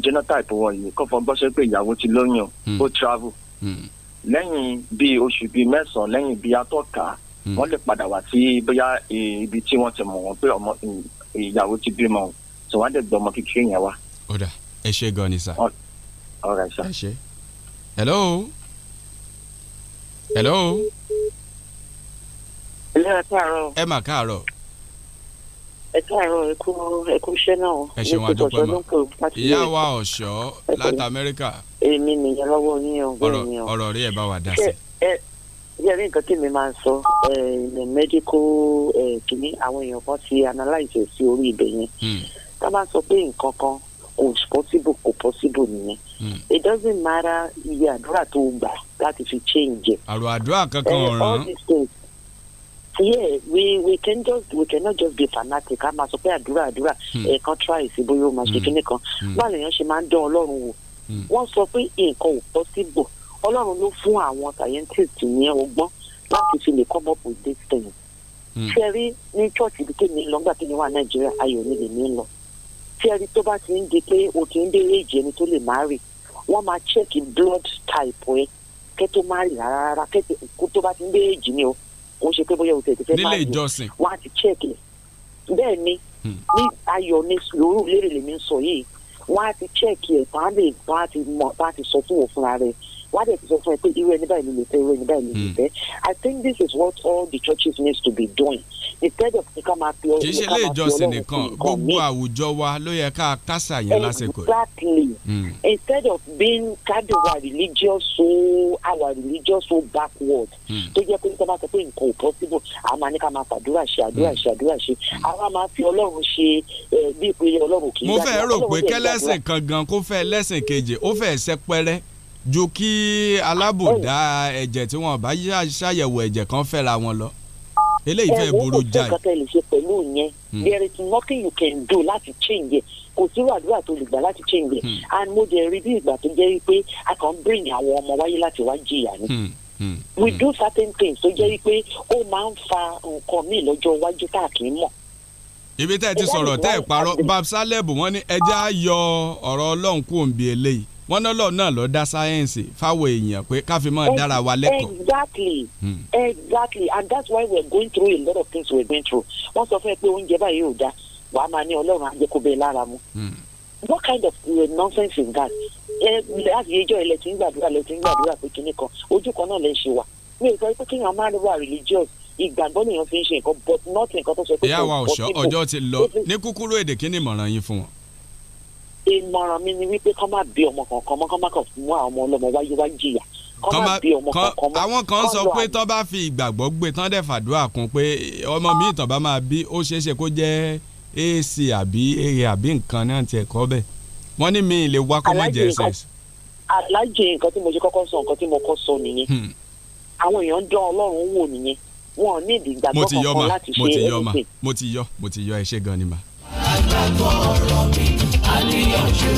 S6: genotype wọn yìí kó fọgbọ́n ṣe pé ìyàwó ti lóyún hmm. ó travel hmm. lẹ́yìn bíi oṣù bíi mẹ́sàn-án lẹ́yìn bíi atọ́ka hmm. wọ́n lè padà wá sí bóyá ibi tí wọ́n ti mọ̀ wọ́n pé ọmọ ìyàwó ti bímọ tí wọ́n á dẹ̀ gbọ́ ọmọ kékeré yẹn wá.
S4: ó ẹ ṣe gan ni sà. ọ̀rẹ́ sà. ẹ ṣe. hello hello.
S13: ilé ẹ káàárọ̀.
S4: ẹ mà káàárọ̀.
S13: ẹ káàárọ̀ ẹkú ẹkú iṣẹ́ náà. ẹ ṣe wọn àdúpẹ́ mọ́ ìyá
S4: wa ọ̀ṣọ́ láti amẹ́ríkà.
S13: èmi nìyẹn lọ́wọ́ ní ọgbọ́n mi o.
S4: ọ̀rọ̀ rí ẹ bá wa dá sí.
S13: ẹ ẹ nǹkan tí máa ń sọ ẹ medical kìíní àwọn èèyàn kan ti analyze sí orí ibẹ̀ yẹn. ká hmm. bá sọ pé nǹkan kan kò possible kò possible nìyẹn hmm. it doesn't matter iye àdúrà tó gbà láti fi change.
S4: àrò àdúrà kankan ọ̀ràn. Eh, all these
S13: things yeah we we can just we cannot just be fanatic a máa sọ pé àdúrà àdúrà hmm. ẹ̀ẹ̀kan try sí bóyá o máa ṣe hmm. kíní kan báwo lèèyàn ṣe máa ń dán ọlọ́run wò wọ́n sọ pé nǹkan ò possible ọlọ́run ló fún àwọn scientist yẹn ọgbọ́n láti fi lè come up with this thing. ṣe rí ní church ibi tí mi lọ nígbà tí mi wà nàìjíríà ayọ̀ mi lè mi lọ tí ẹni tó bá ti ń di pé o ti ń béèrè ìjẹ́ ẹni tó lè má rì wọ́n máa chẹ́ẹ̀kì blood type ẹ kẹ́ tó má rì rárá rárá kẹ́ tó bá ti ń béèrè ìjì ni o kò ń ṣe pé bóyá o tètè fẹ́ má rì wọ́n á ti chẹ́ẹ̀kì bẹ́ẹ̀ ni hmm. ní ayọ̀ ní sùúrù lérè lèmi ń sọ yìí wọ́n á ti chẹ́ẹ̀kì ẹ̀ tá ti sọ fún òfin ara rẹ̀ wọ́n á dẹ̀ ti sọ fún ẹ pé irú ẹni báyìí ni mo fẹ́ irú ẹni báyìí ni mo fẹ́ I think this is what all the churches need to be doing instead of ká máa fi ọlọ́run kì í ṣe ilé ìjọsìn nìkan
S4: gbogbo àwùjọ wa ló yẹ ká kásà yẹn lásìkò yìí.
S13: exactly mm. instead of being kind of religious so our religious so backward hmm. tó jẹ́ pé nígbà tó pé nǹkan ò possible a máa ní ká máa fàdúrà ṣe àdúrà hmm. ṣe àdúrà ṣe àwa máa fi ọlọ́run ṣe eh, bí ìpele ọlọ́run kì í dájú. mo fẹ́ rò pé kẹ́lẹ́sìn
S4: kan gan kó fẹ́ lẹ́sìn kejì ó fẹ́ sẹ́pẹ́rẹ́ ju kí alábòdá oh. ẹ̀jẹ̀ tí wọ́n bá ṣàyẹ̀wò ẹ̀jẹ̀ kan fẹ́ra wọn lọ eléyìí fẹ́ burú jáì. ẹ̀wọ̀n kò sí nǹkan tẹ́ lè ṣe pẹ̀lú yẹn hmm. there
S13: is nothing you can do láti change it kò sí wàdúrà tó lè gbà láti change it hmm. and mo dẹ̀ rí bí ìgbà tó jẹ́ wípé a kàn ń bring àwọn ọmọ wáyé láti wá jìyà ni.
S4: Hmm. Mm, we mm.
S13: do certain things tó jẹ́ wípé ó máa ń fa nǹkan míì lọ́jọ́ iwájú tá a kì í mọ̀.
S4: ibi tẹ́ ẹ ti sọ̀rọ̀ tẹ́ ẹ parọ́ babsalẹ́bù wọ́n ní ẹja yọ ọ̀rọ̀ ọlọ́run kù òǹbí eléyìí wọ́n náà náà lọ dá sáyẹ́ǹsì fáwọn èèyàn pé káfí máa dára wa lẹ́kọ̀ọ́.
S13: exactly hmm. exactly and that's why we're going through a lot of things we're going through. wọ́n sọ fún ẹ pé oúnjẹ báyìí ò dáa wàá máa ní ọlọ́run àjẹkùbẹ́ lára mu. Hmm. what kind of uh, nonsense is that? láti ìjọ ilẹ̀ tí ń gbàdúrà lẹ̀ tí ń gbàdúrà pé kinní kan ojú kan náà lè ṣe wà mi ò sọ pé kí n máa wà religious ìgbàgbọ́ nìyẹn fi ń ṣe nǹkan but nothing nǹkan tó sọ pé. ìyá wa ọ̀ṣọ́ ọjọ́ ti lọ ní
S4: kúkúrú èdè kí ni ìmọ̀ràn yín fún wọn
S13: ìmọ̀ràn mi ni wípé kọ́ má bí ọmọ kankan mọ́ kọ́ má kàn mú àwọn ọlọ́mọ wáyé wá jìyà kọ́ má bí ọmọ kankan mọ́. àwọn kan sọ pé
S4: tọ́ bá fi ìgbàgbọ́ gbé tán dẹ̀ fàdúrà kún pé ọmọ mi ìtàn bá máa bí ó ṣeé kó jẹ́ ac àbí aa àbí nǹkan náà tiẹ̀ kọ́ bẹ́ẹ̀ wọ́n ní mi ìlè wá kọ́mọ jẹ́ ss.
S9: alájẹ
S13: nǹkan tí mo ṣe kọ́kọ́ sọ nǹkan tí mo kọ́ sọ nìyẹn hmm. àwọn èèyàn dán ọlọ́run wò nìyẹn
S1: wọn ò ní ìdí ìgbàgbọ́ kankan láti ṣe é mo ti yọ
S4: mo ti yọ mo ti yọ ẹ ṣé gan ni ma. àgbàgbọ́
S1: ọ̀rọ̀ mi ni níyànjú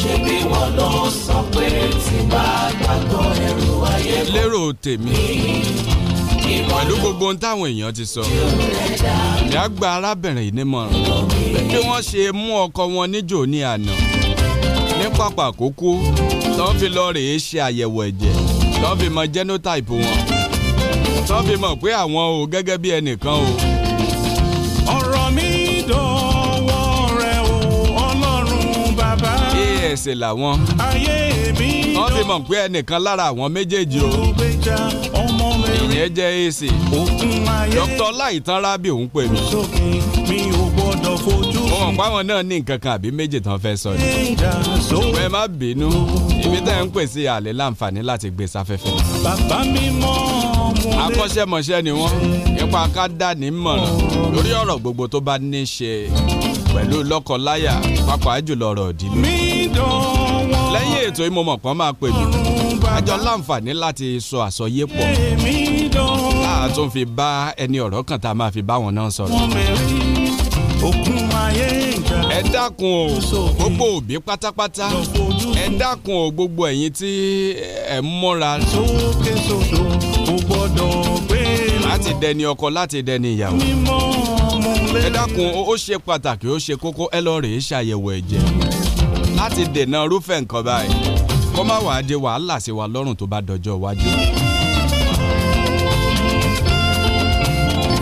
S1: ṣebí wọn ló sọ pé tí bá gbàgbọ́ ẹrù ayé bọ̀. lérò tèmi pẹ̀lú
S4: gbogbo ohun táwọn èèyàn ti sọ ìyá gba arábìnrin nímọ̀ràn bí wọ́n ṣe mú ọkọ wọn níjò ní àná ní pápá àkókò tó fi lọ rèé ṣe àyẹ̀wò ẹ̀jẹ̀ tó fi mọ genotype wọn tó fi mọ̀ pé àwọn o gẹ́gẹ́ bí ẹnìkan o. ẹsẹ̀ làwọn. wọ́n ti mọ̀ pé ẹnìkan lára àwọn méjèèjì o. ìyẹn jẹ́ èsì. dr láìtán rábì òun pè
S1: mí. mo mọ̀
S4: páwọn náà ní nǹkan kan àbí méjì tán fẹ́ sọ ni. ìwé má bínú ibi tẹ́ ń pèsè àlè láǹfààní láti gbé sáfẹ́fẹ́.
S1: bàbá mi mọ́
S4: akọ́ṣẹ́mọṣẹ́ ni wọ́n nípa ká dá ní mọ̀ràn lórí ọ̀rọ̀ gbogbo tó bá ní ṣe pẹ̀lú lọ́kọ-láyà jùlọ ọ̀rọ̀ ìdílé. lẹ́yìn ètò ìmọ̀mọ̀ kan máa pè mí àjọ láǹfààní láti sọ àsọyé pọ̀ láà tún fi bá ẹni ọ̀rọ̀ kan tá a máa fi bá wọn náà sọ̀rọ̀. ẹ dákun o gbogbo òbí pátápátá ẹ dákun o gbogbo ẹ̀yin tí ẹ mọ́ra láti dẹni ọkọ láti dẹni ìyàwó ẹ dákun ó ṣe pàtàkì ó ṣe kókó ẹ lọ rèé ṣàyẹ̀wò ẹ̀jẹ̀ láti dènà irúfẹ́ nǹkan báyìí kó má wàá di wàhálà sí wa lọ́rùn tó bá dọjọ́ iwájú.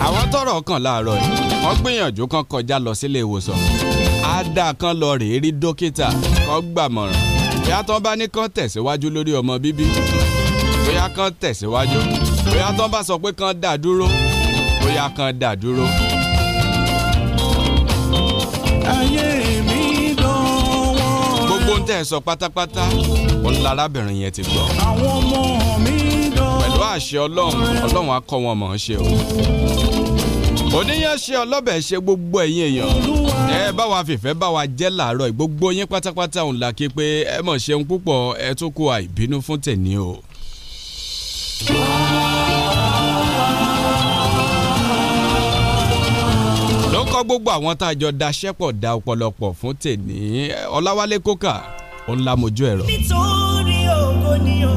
S4: àwọn tọrọ kan láàárọ̀ yìí wọ́n gbìyànjú kan kọjá lọ sílé ìwòsàn ada kan lọ rèé rí dókítà kan gbàmọ̀ràn bóyá tán bá ní kán tẹ̀síwájú lórí ọmọ bíbí bóyá kán tẹ̀síwájú bóyá tán bá sọ pé kán dà dúró bóyá kán dà dúró. ń tẹ̀ sọ pátápátá òun lárábìnrin yẹn ti gbọ́. àwọn
S3: ọmọ mi
S4: dán. pẹ̀lú àṣẹ ọlọ́run ọlọ́run á kọ́ wọn mọ̀ ọ́n ṣe o. oníyàn ọlọ́bẹ̀ ṣe gbogbo ẹ̀yin èèyàn. ẹ bá wa fìfẹ́ bá wa jẹ́ làárọ̀ gbogbo yín pátápátá òun là ké pé ẹ mọ̀ ṣeun púpọ̀ ẹ tún kó àìbínú fún tẹ̀ní o. lọ́wọ́ gbogbo àwọn tá a jọ daṣẹ́ pọ̀ da ọ̀pọ̀lọpọ̀ fún tèmi Ọláwálé Kókà ó ń lamojú ẹ̀rọ.
S3: nítorí
S2: ògo ni o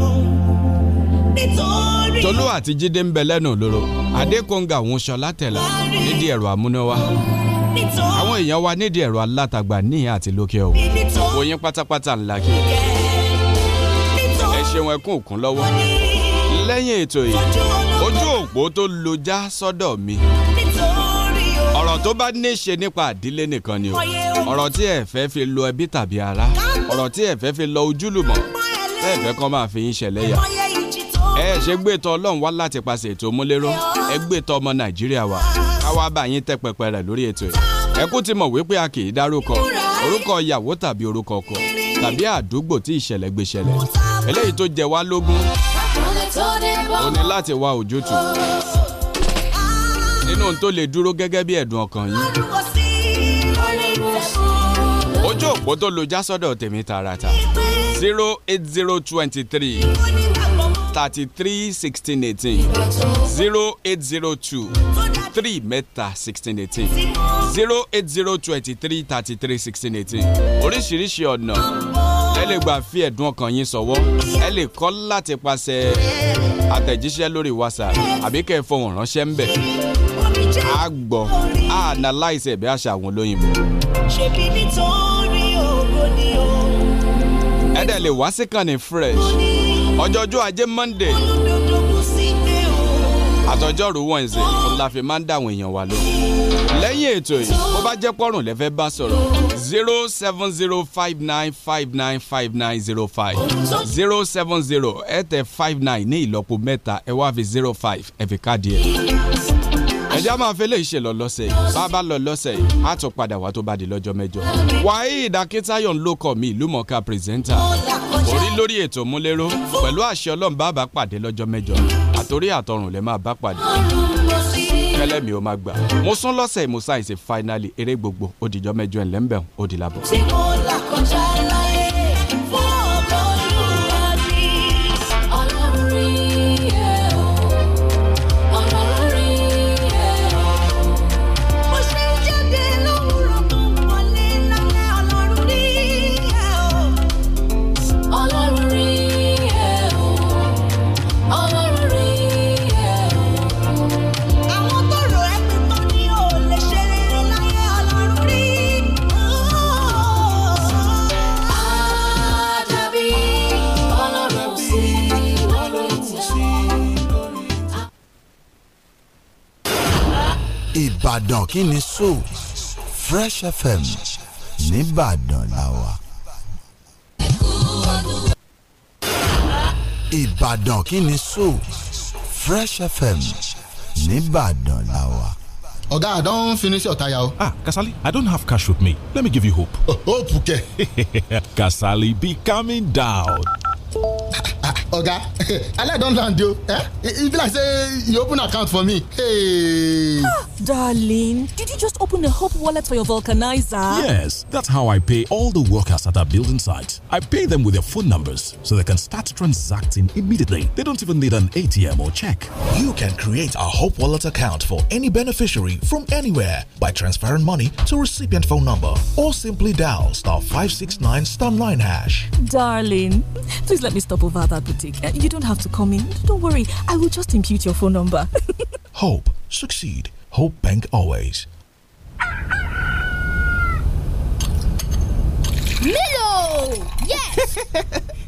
S2: nítorí. Tolú àti
S4: Jídé ń bẹ lẹ́nu òlóró Adékòǹgà òun ṣọlá tẹ̀lá nídìí ẹ̀rọ amúnáwá àwọn èèyàn wa nídìí ẹ̀rọ alátagbà níhìn àti lókè o oyin pátápátá ńlá kí ẹ ṣeun ẹkún òkun lọ́wọ́ lẹ́yìn ètò yìí ojú òpó tó lojá sọ́dọ̀ mi ọ̀rọ̀ tó bá ní ṣe nípa àdílé nìkan ni o ọ̀rọ̀ tí ẹ fẹ́ fi lọ ẹbí tàbí ara ọ̀rọ̀ tí ẹ fẹ́ fi lọ ojúlùmọ̀ ẹ fẹ́ kàn máa fi yín ṣẹlẹ́yà ẹ ṣe gbé tọ ọlọ́run wá láti paṣẹ ètò múlẹ́rọ́ ẹ gbé ọmọ nàìjíríà wa káwá bá yín tẹ́ pẹpẹ rẹ̀ lórí ètò yìí ẹ kú ti mọ̀ wípé a kì í dárúkọ orúkọ ìyàwó tàbí orúkọ ọkọ tàbí àdúgbò tí ìṣẹ̀lẹ̀ gbé ṣẹlẹ̀ eléyìí tó jẹ wá lógún ó láti wá ojútùú kóhun tó lè dúró gẹ́gẹ́ bí ẹ̀dùn ọkàn yín. ojú òpó tó lo já tèmi tààràtà zero eight zero twenty three thirty three sixteen eighteen zero eight zero two three mẹ́ta sixteen eighteen zero eight zero twenty three thirty three sixteen eighteen oríṣiríṣi ọ̀nà ẹ lè gbà fi ẹ̀dùn ọkàn yín sọ̀wọ́ ẹ lè kọ́ láti paṣẹ àtẹ̀jíṣẹ́ lórí WhatsApp àbí fọwọ́n ránṣẹ́ ń bẹ̀ a gbọ́ a analyze ẹ̀ bí àṣà àwọn olóyìnbó.
S2: ṣèbí nítorí ògo ni o.
S4: ẹ lè wá sí kànnì fresh ọjọ́jú ajé monday àtọjọ́rú wednesday la fi máa ń dàwọn èèyàn wa lóhùn. lẹ́yìn ètò yìí bó bá jẹ́ pọ́rùn lẹ́fẹ́ bá sọ̀rọ̀ zero seven zero five nine five nine five nine zero five zero seven zero ẹ tẹ five nine ní ìlọ́po mẹ́ta ẹ wá fi zero five ẹ fi káàdì ẹ̀ ẹ̀jẹ̀ á máa fẹ́ lè ṣe lọ lọ́sẹ̀ yìí bá a bá lọ lọ́sẹ̀ yìí á tún padà wá tó bá di lọ́jọ́ mẹ́jọ. Waheed Akitayo ń lókọ̀ mi ìlú mọ̀ọ́ká pírẹsẹ́ńtà orí lórí ètò múlẹ́rọ́ pẹ̀lú àṣẹ Ọlọ́run bá a bá pàdé lọ́jọ́ mẹ́jọ àtòrí àtọrùn lẹ́ máa bá pàdé kẹlẹ́ mi ò máa gbà mo sún lọ́sẹ̀ mo sáyẹ̀nsì finally eré gbogbo ó dìjọ́ mẹ́jọ ẹ̀ lẹ́ńbẹ̀ọ́ ó di
S1: ìkànnì so Fresh FM nìbàdàn làwà. ìbàdàn kí ni so Fresh FM nìbàdàn làwà. Oga, I don't finish your tire. Ah, Kasali, I don't have cash with me. Let me give you hope. Oh, [LAUGHS] hope, okay. [LAUGHS] Kasali, be calming down.
S3: oga [LAUGHS] i don land you eh e be like say you open account for me hey ah darling did you just open a hope wallet for your vulcanizer yes that's how i pay all the workers at our building site i pay them with their phone numbers so they can start transacting immediately they don't even need an atm or check you can create a hope wallet account for any beneficiary from anywhere by transferring money to recipient phone number or simply dial star 569 star 9 hash darling please let me stop over that take. Uh, you don't have to come in. Don't worry. I will just impute your phone number. [LAUGHS] Hope. Succeed. Hope Bank always.
S2: Milo! Yes! [LAUGHS]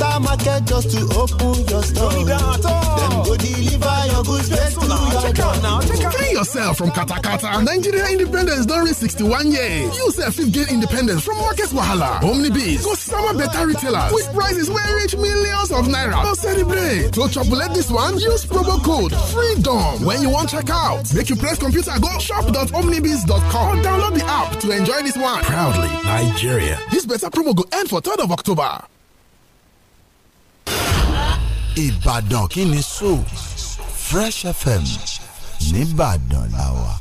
S12: enter market just to open your store. Then
S3: go deliver your goods straight to your door. Free yourself from katakata. Nigeria independence don't reach 61 years. You sef 5th gain independence from market wahala. Omnibees go sama better retailers with prices where reach millions of naira. No celebrate. To chopulate this one, use promo code FREEDOM when you want check out. Make you press computer go shop.omnibees.com or download the app to enjoy this one. Proudly Nigeria. This better promo go end for 3rd
S1: of October. Ìbàdàn kí ni so Fresh FM nìbàdàn la wà.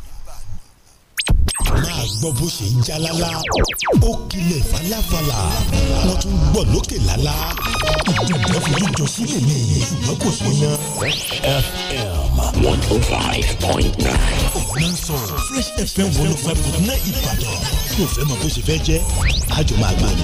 S1: máa gbọ́ bó ṣe ń já lálá ó kilẹ̀ falafala
S3: wọ́n tún gbọ́ lókè lálá ìjọba fìdíjọ sílẹ̀ ní ṣùgbọ́n kò sóyá. Fresh FM one oh five point nine.
S2: ọ̀nà sọ̀rọ̀ Fresh FM one oh five point nine Ìbàdàn yóò fẹ́ mọ bó ṣe fẹ́ jẹ́ àjọ máa gbà ní.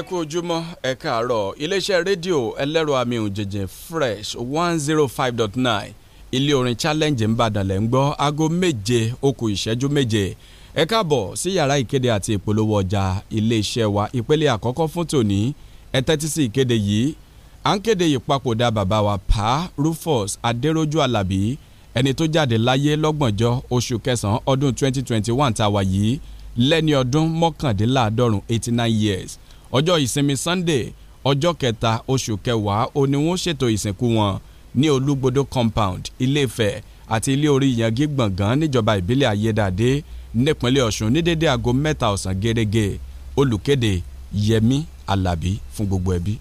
S4: ẹ kú ojúmọ́ ẹ káàárọ̀ iléeṣẹ́ rédíò ẹlẹ́rọ àmì òjèjì fresh one zero oh five dot nine ilé orin challenge ń bàdàn lẹ́ ń gbọ́ aago méje ó ìṣẹ́jú méje ẹ káàbọ̀ sí yàrá ìkéde àti ìpolówó ọjà iléeṣẹ́ wa ìpele àkọ́kọ́ fún tòní ẹ tẹ́tí sí ìkéde yìí à ń kéde ìpapòdà bàbá wa pa Rufus Adéròjú Alábí ẹni tó jáde láyé lọ́gbọ̀njọ́ oṣù kẹsàn-án ọdún twenty twenty one tá a wà yìí lẹ́ni ọdún mọ́kàndínláàádọ́rùn eighty nine years ọjọ́ ìsinmi Sunday ọjọ́ kẹta oṣù kẹwàá ó ní wọ́n ṣètò ìsìnkú wọn ní Olúgbòdó compound Ilé-Ifẹ̀ àti ilé orí Ìyàngí gbọ̀ngàn níjọba ìbílẹ̀ Ayédàdé nípínlẹ̀ Ọ̀ṣun ní dédé aago mẹ́ta ọ̀sán gẹ́gẹ́ olùkéde Yẹmí Alábí fún gbogbo ẹbí.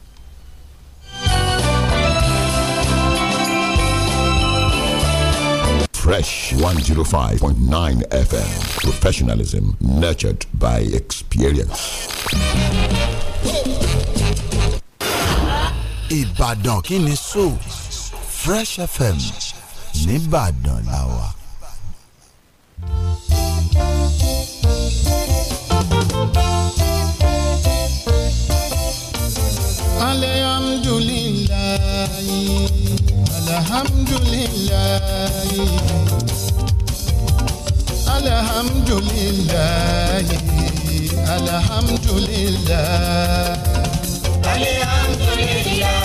S1: Fresh 105.9 FM. Professionalism nurtured by experience. Ìbàdàn kí ni so Fresh FM nìbàdàn la wà.
S12: alhamdulilayi alhamdulilayi alhamdulilayi alhamdulilayi alhamdulillah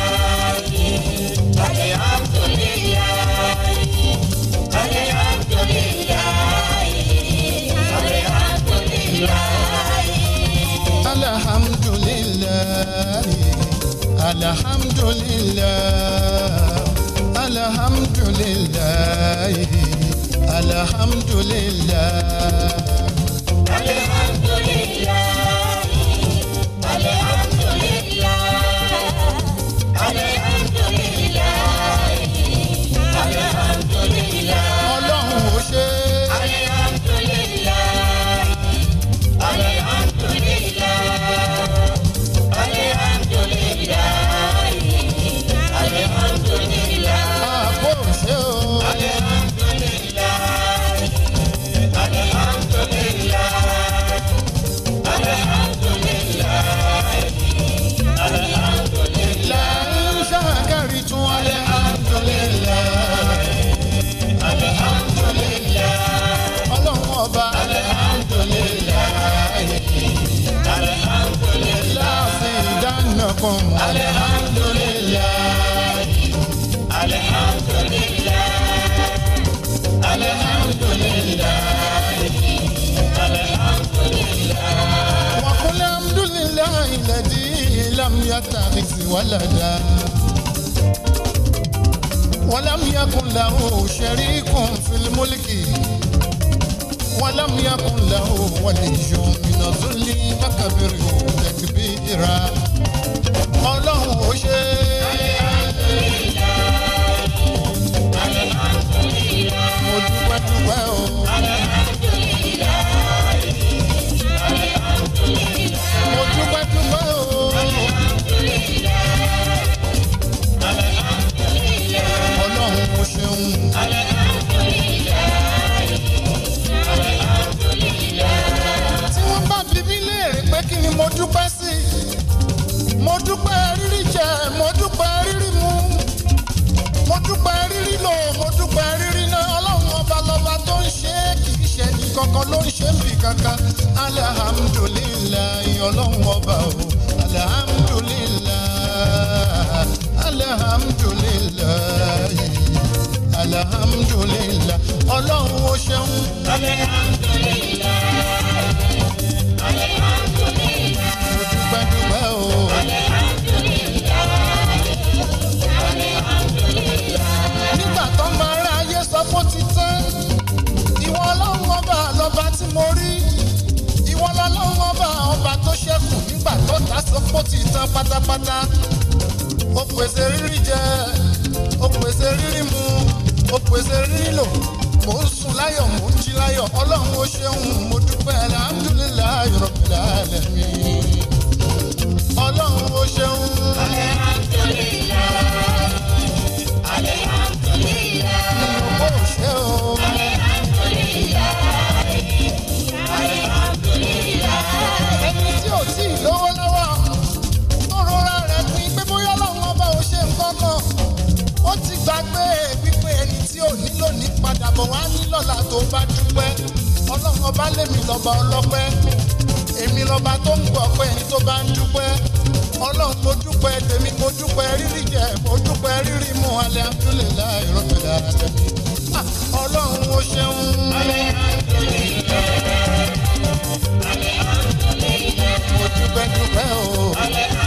S12: alhamdulillah alhamdulillah alhamdulillah alhamdulillah ọlọ́run ó ṣeun. alhamdulillah alhamdulillah. mo dúpẹ́ dúpẹ́ o. alhamdulillah alhamdulillah. nígbà tó máa rá ayé sọ fún ti tán ìwọ ọlọ́run ọba lọ́ba tí mo rí ìwọ ọlọ́run ọba pátápátá ó pèsè rírì jẹ ó pèsè rírì mu ó pèsè nílò mò ń sùn láyọ̀ mò ń jí láyọ̀ ọlọ́run ó ṣeun mo dúpẹ́ alhamdulilayi rabbil alamin ọlọ́run ó ṣeun. alhamdulilayi alhamdulilayi. ìlú kò ṣe o. padà bọ̀ wá ní lọ́la tó bá dúpẹ́ ọlọ́run ọba lèmi lọ́ba ọlọ́pẹ́ èmi lọ́ba tó ń gbọ́ pé ẹni tó bá ń dúpẹ́ ọlọ́run mo dúpẹ́ tèmi mo dúpẹ́ rírì jẹ mo dúpẹ́ rírì mu alẹ́ abdulẹ̀ láì rọ́pẹ̀lẹ̀ àtẹ ọlọ́run o ṣeun. mo dúpẹ́ dúpẹ́ o.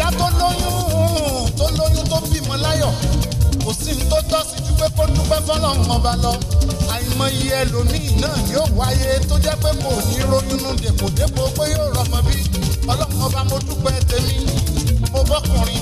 S12: ìyá tó lóyún tó lóyún tó bímọ láyọ̀ kò sí ní tó tọ́ sí ju pé kó dúpẹ́ fọlọ́run ọba lọ àìmọye ẹlòmíì náà
S9: yóò wáyé tó jẹ́ pé kò ní ronú dèpòdépò pé yóò rọmọ bí ọlọ́run ọba mo dúpẹ́ tèmi mo bọ́kùnrin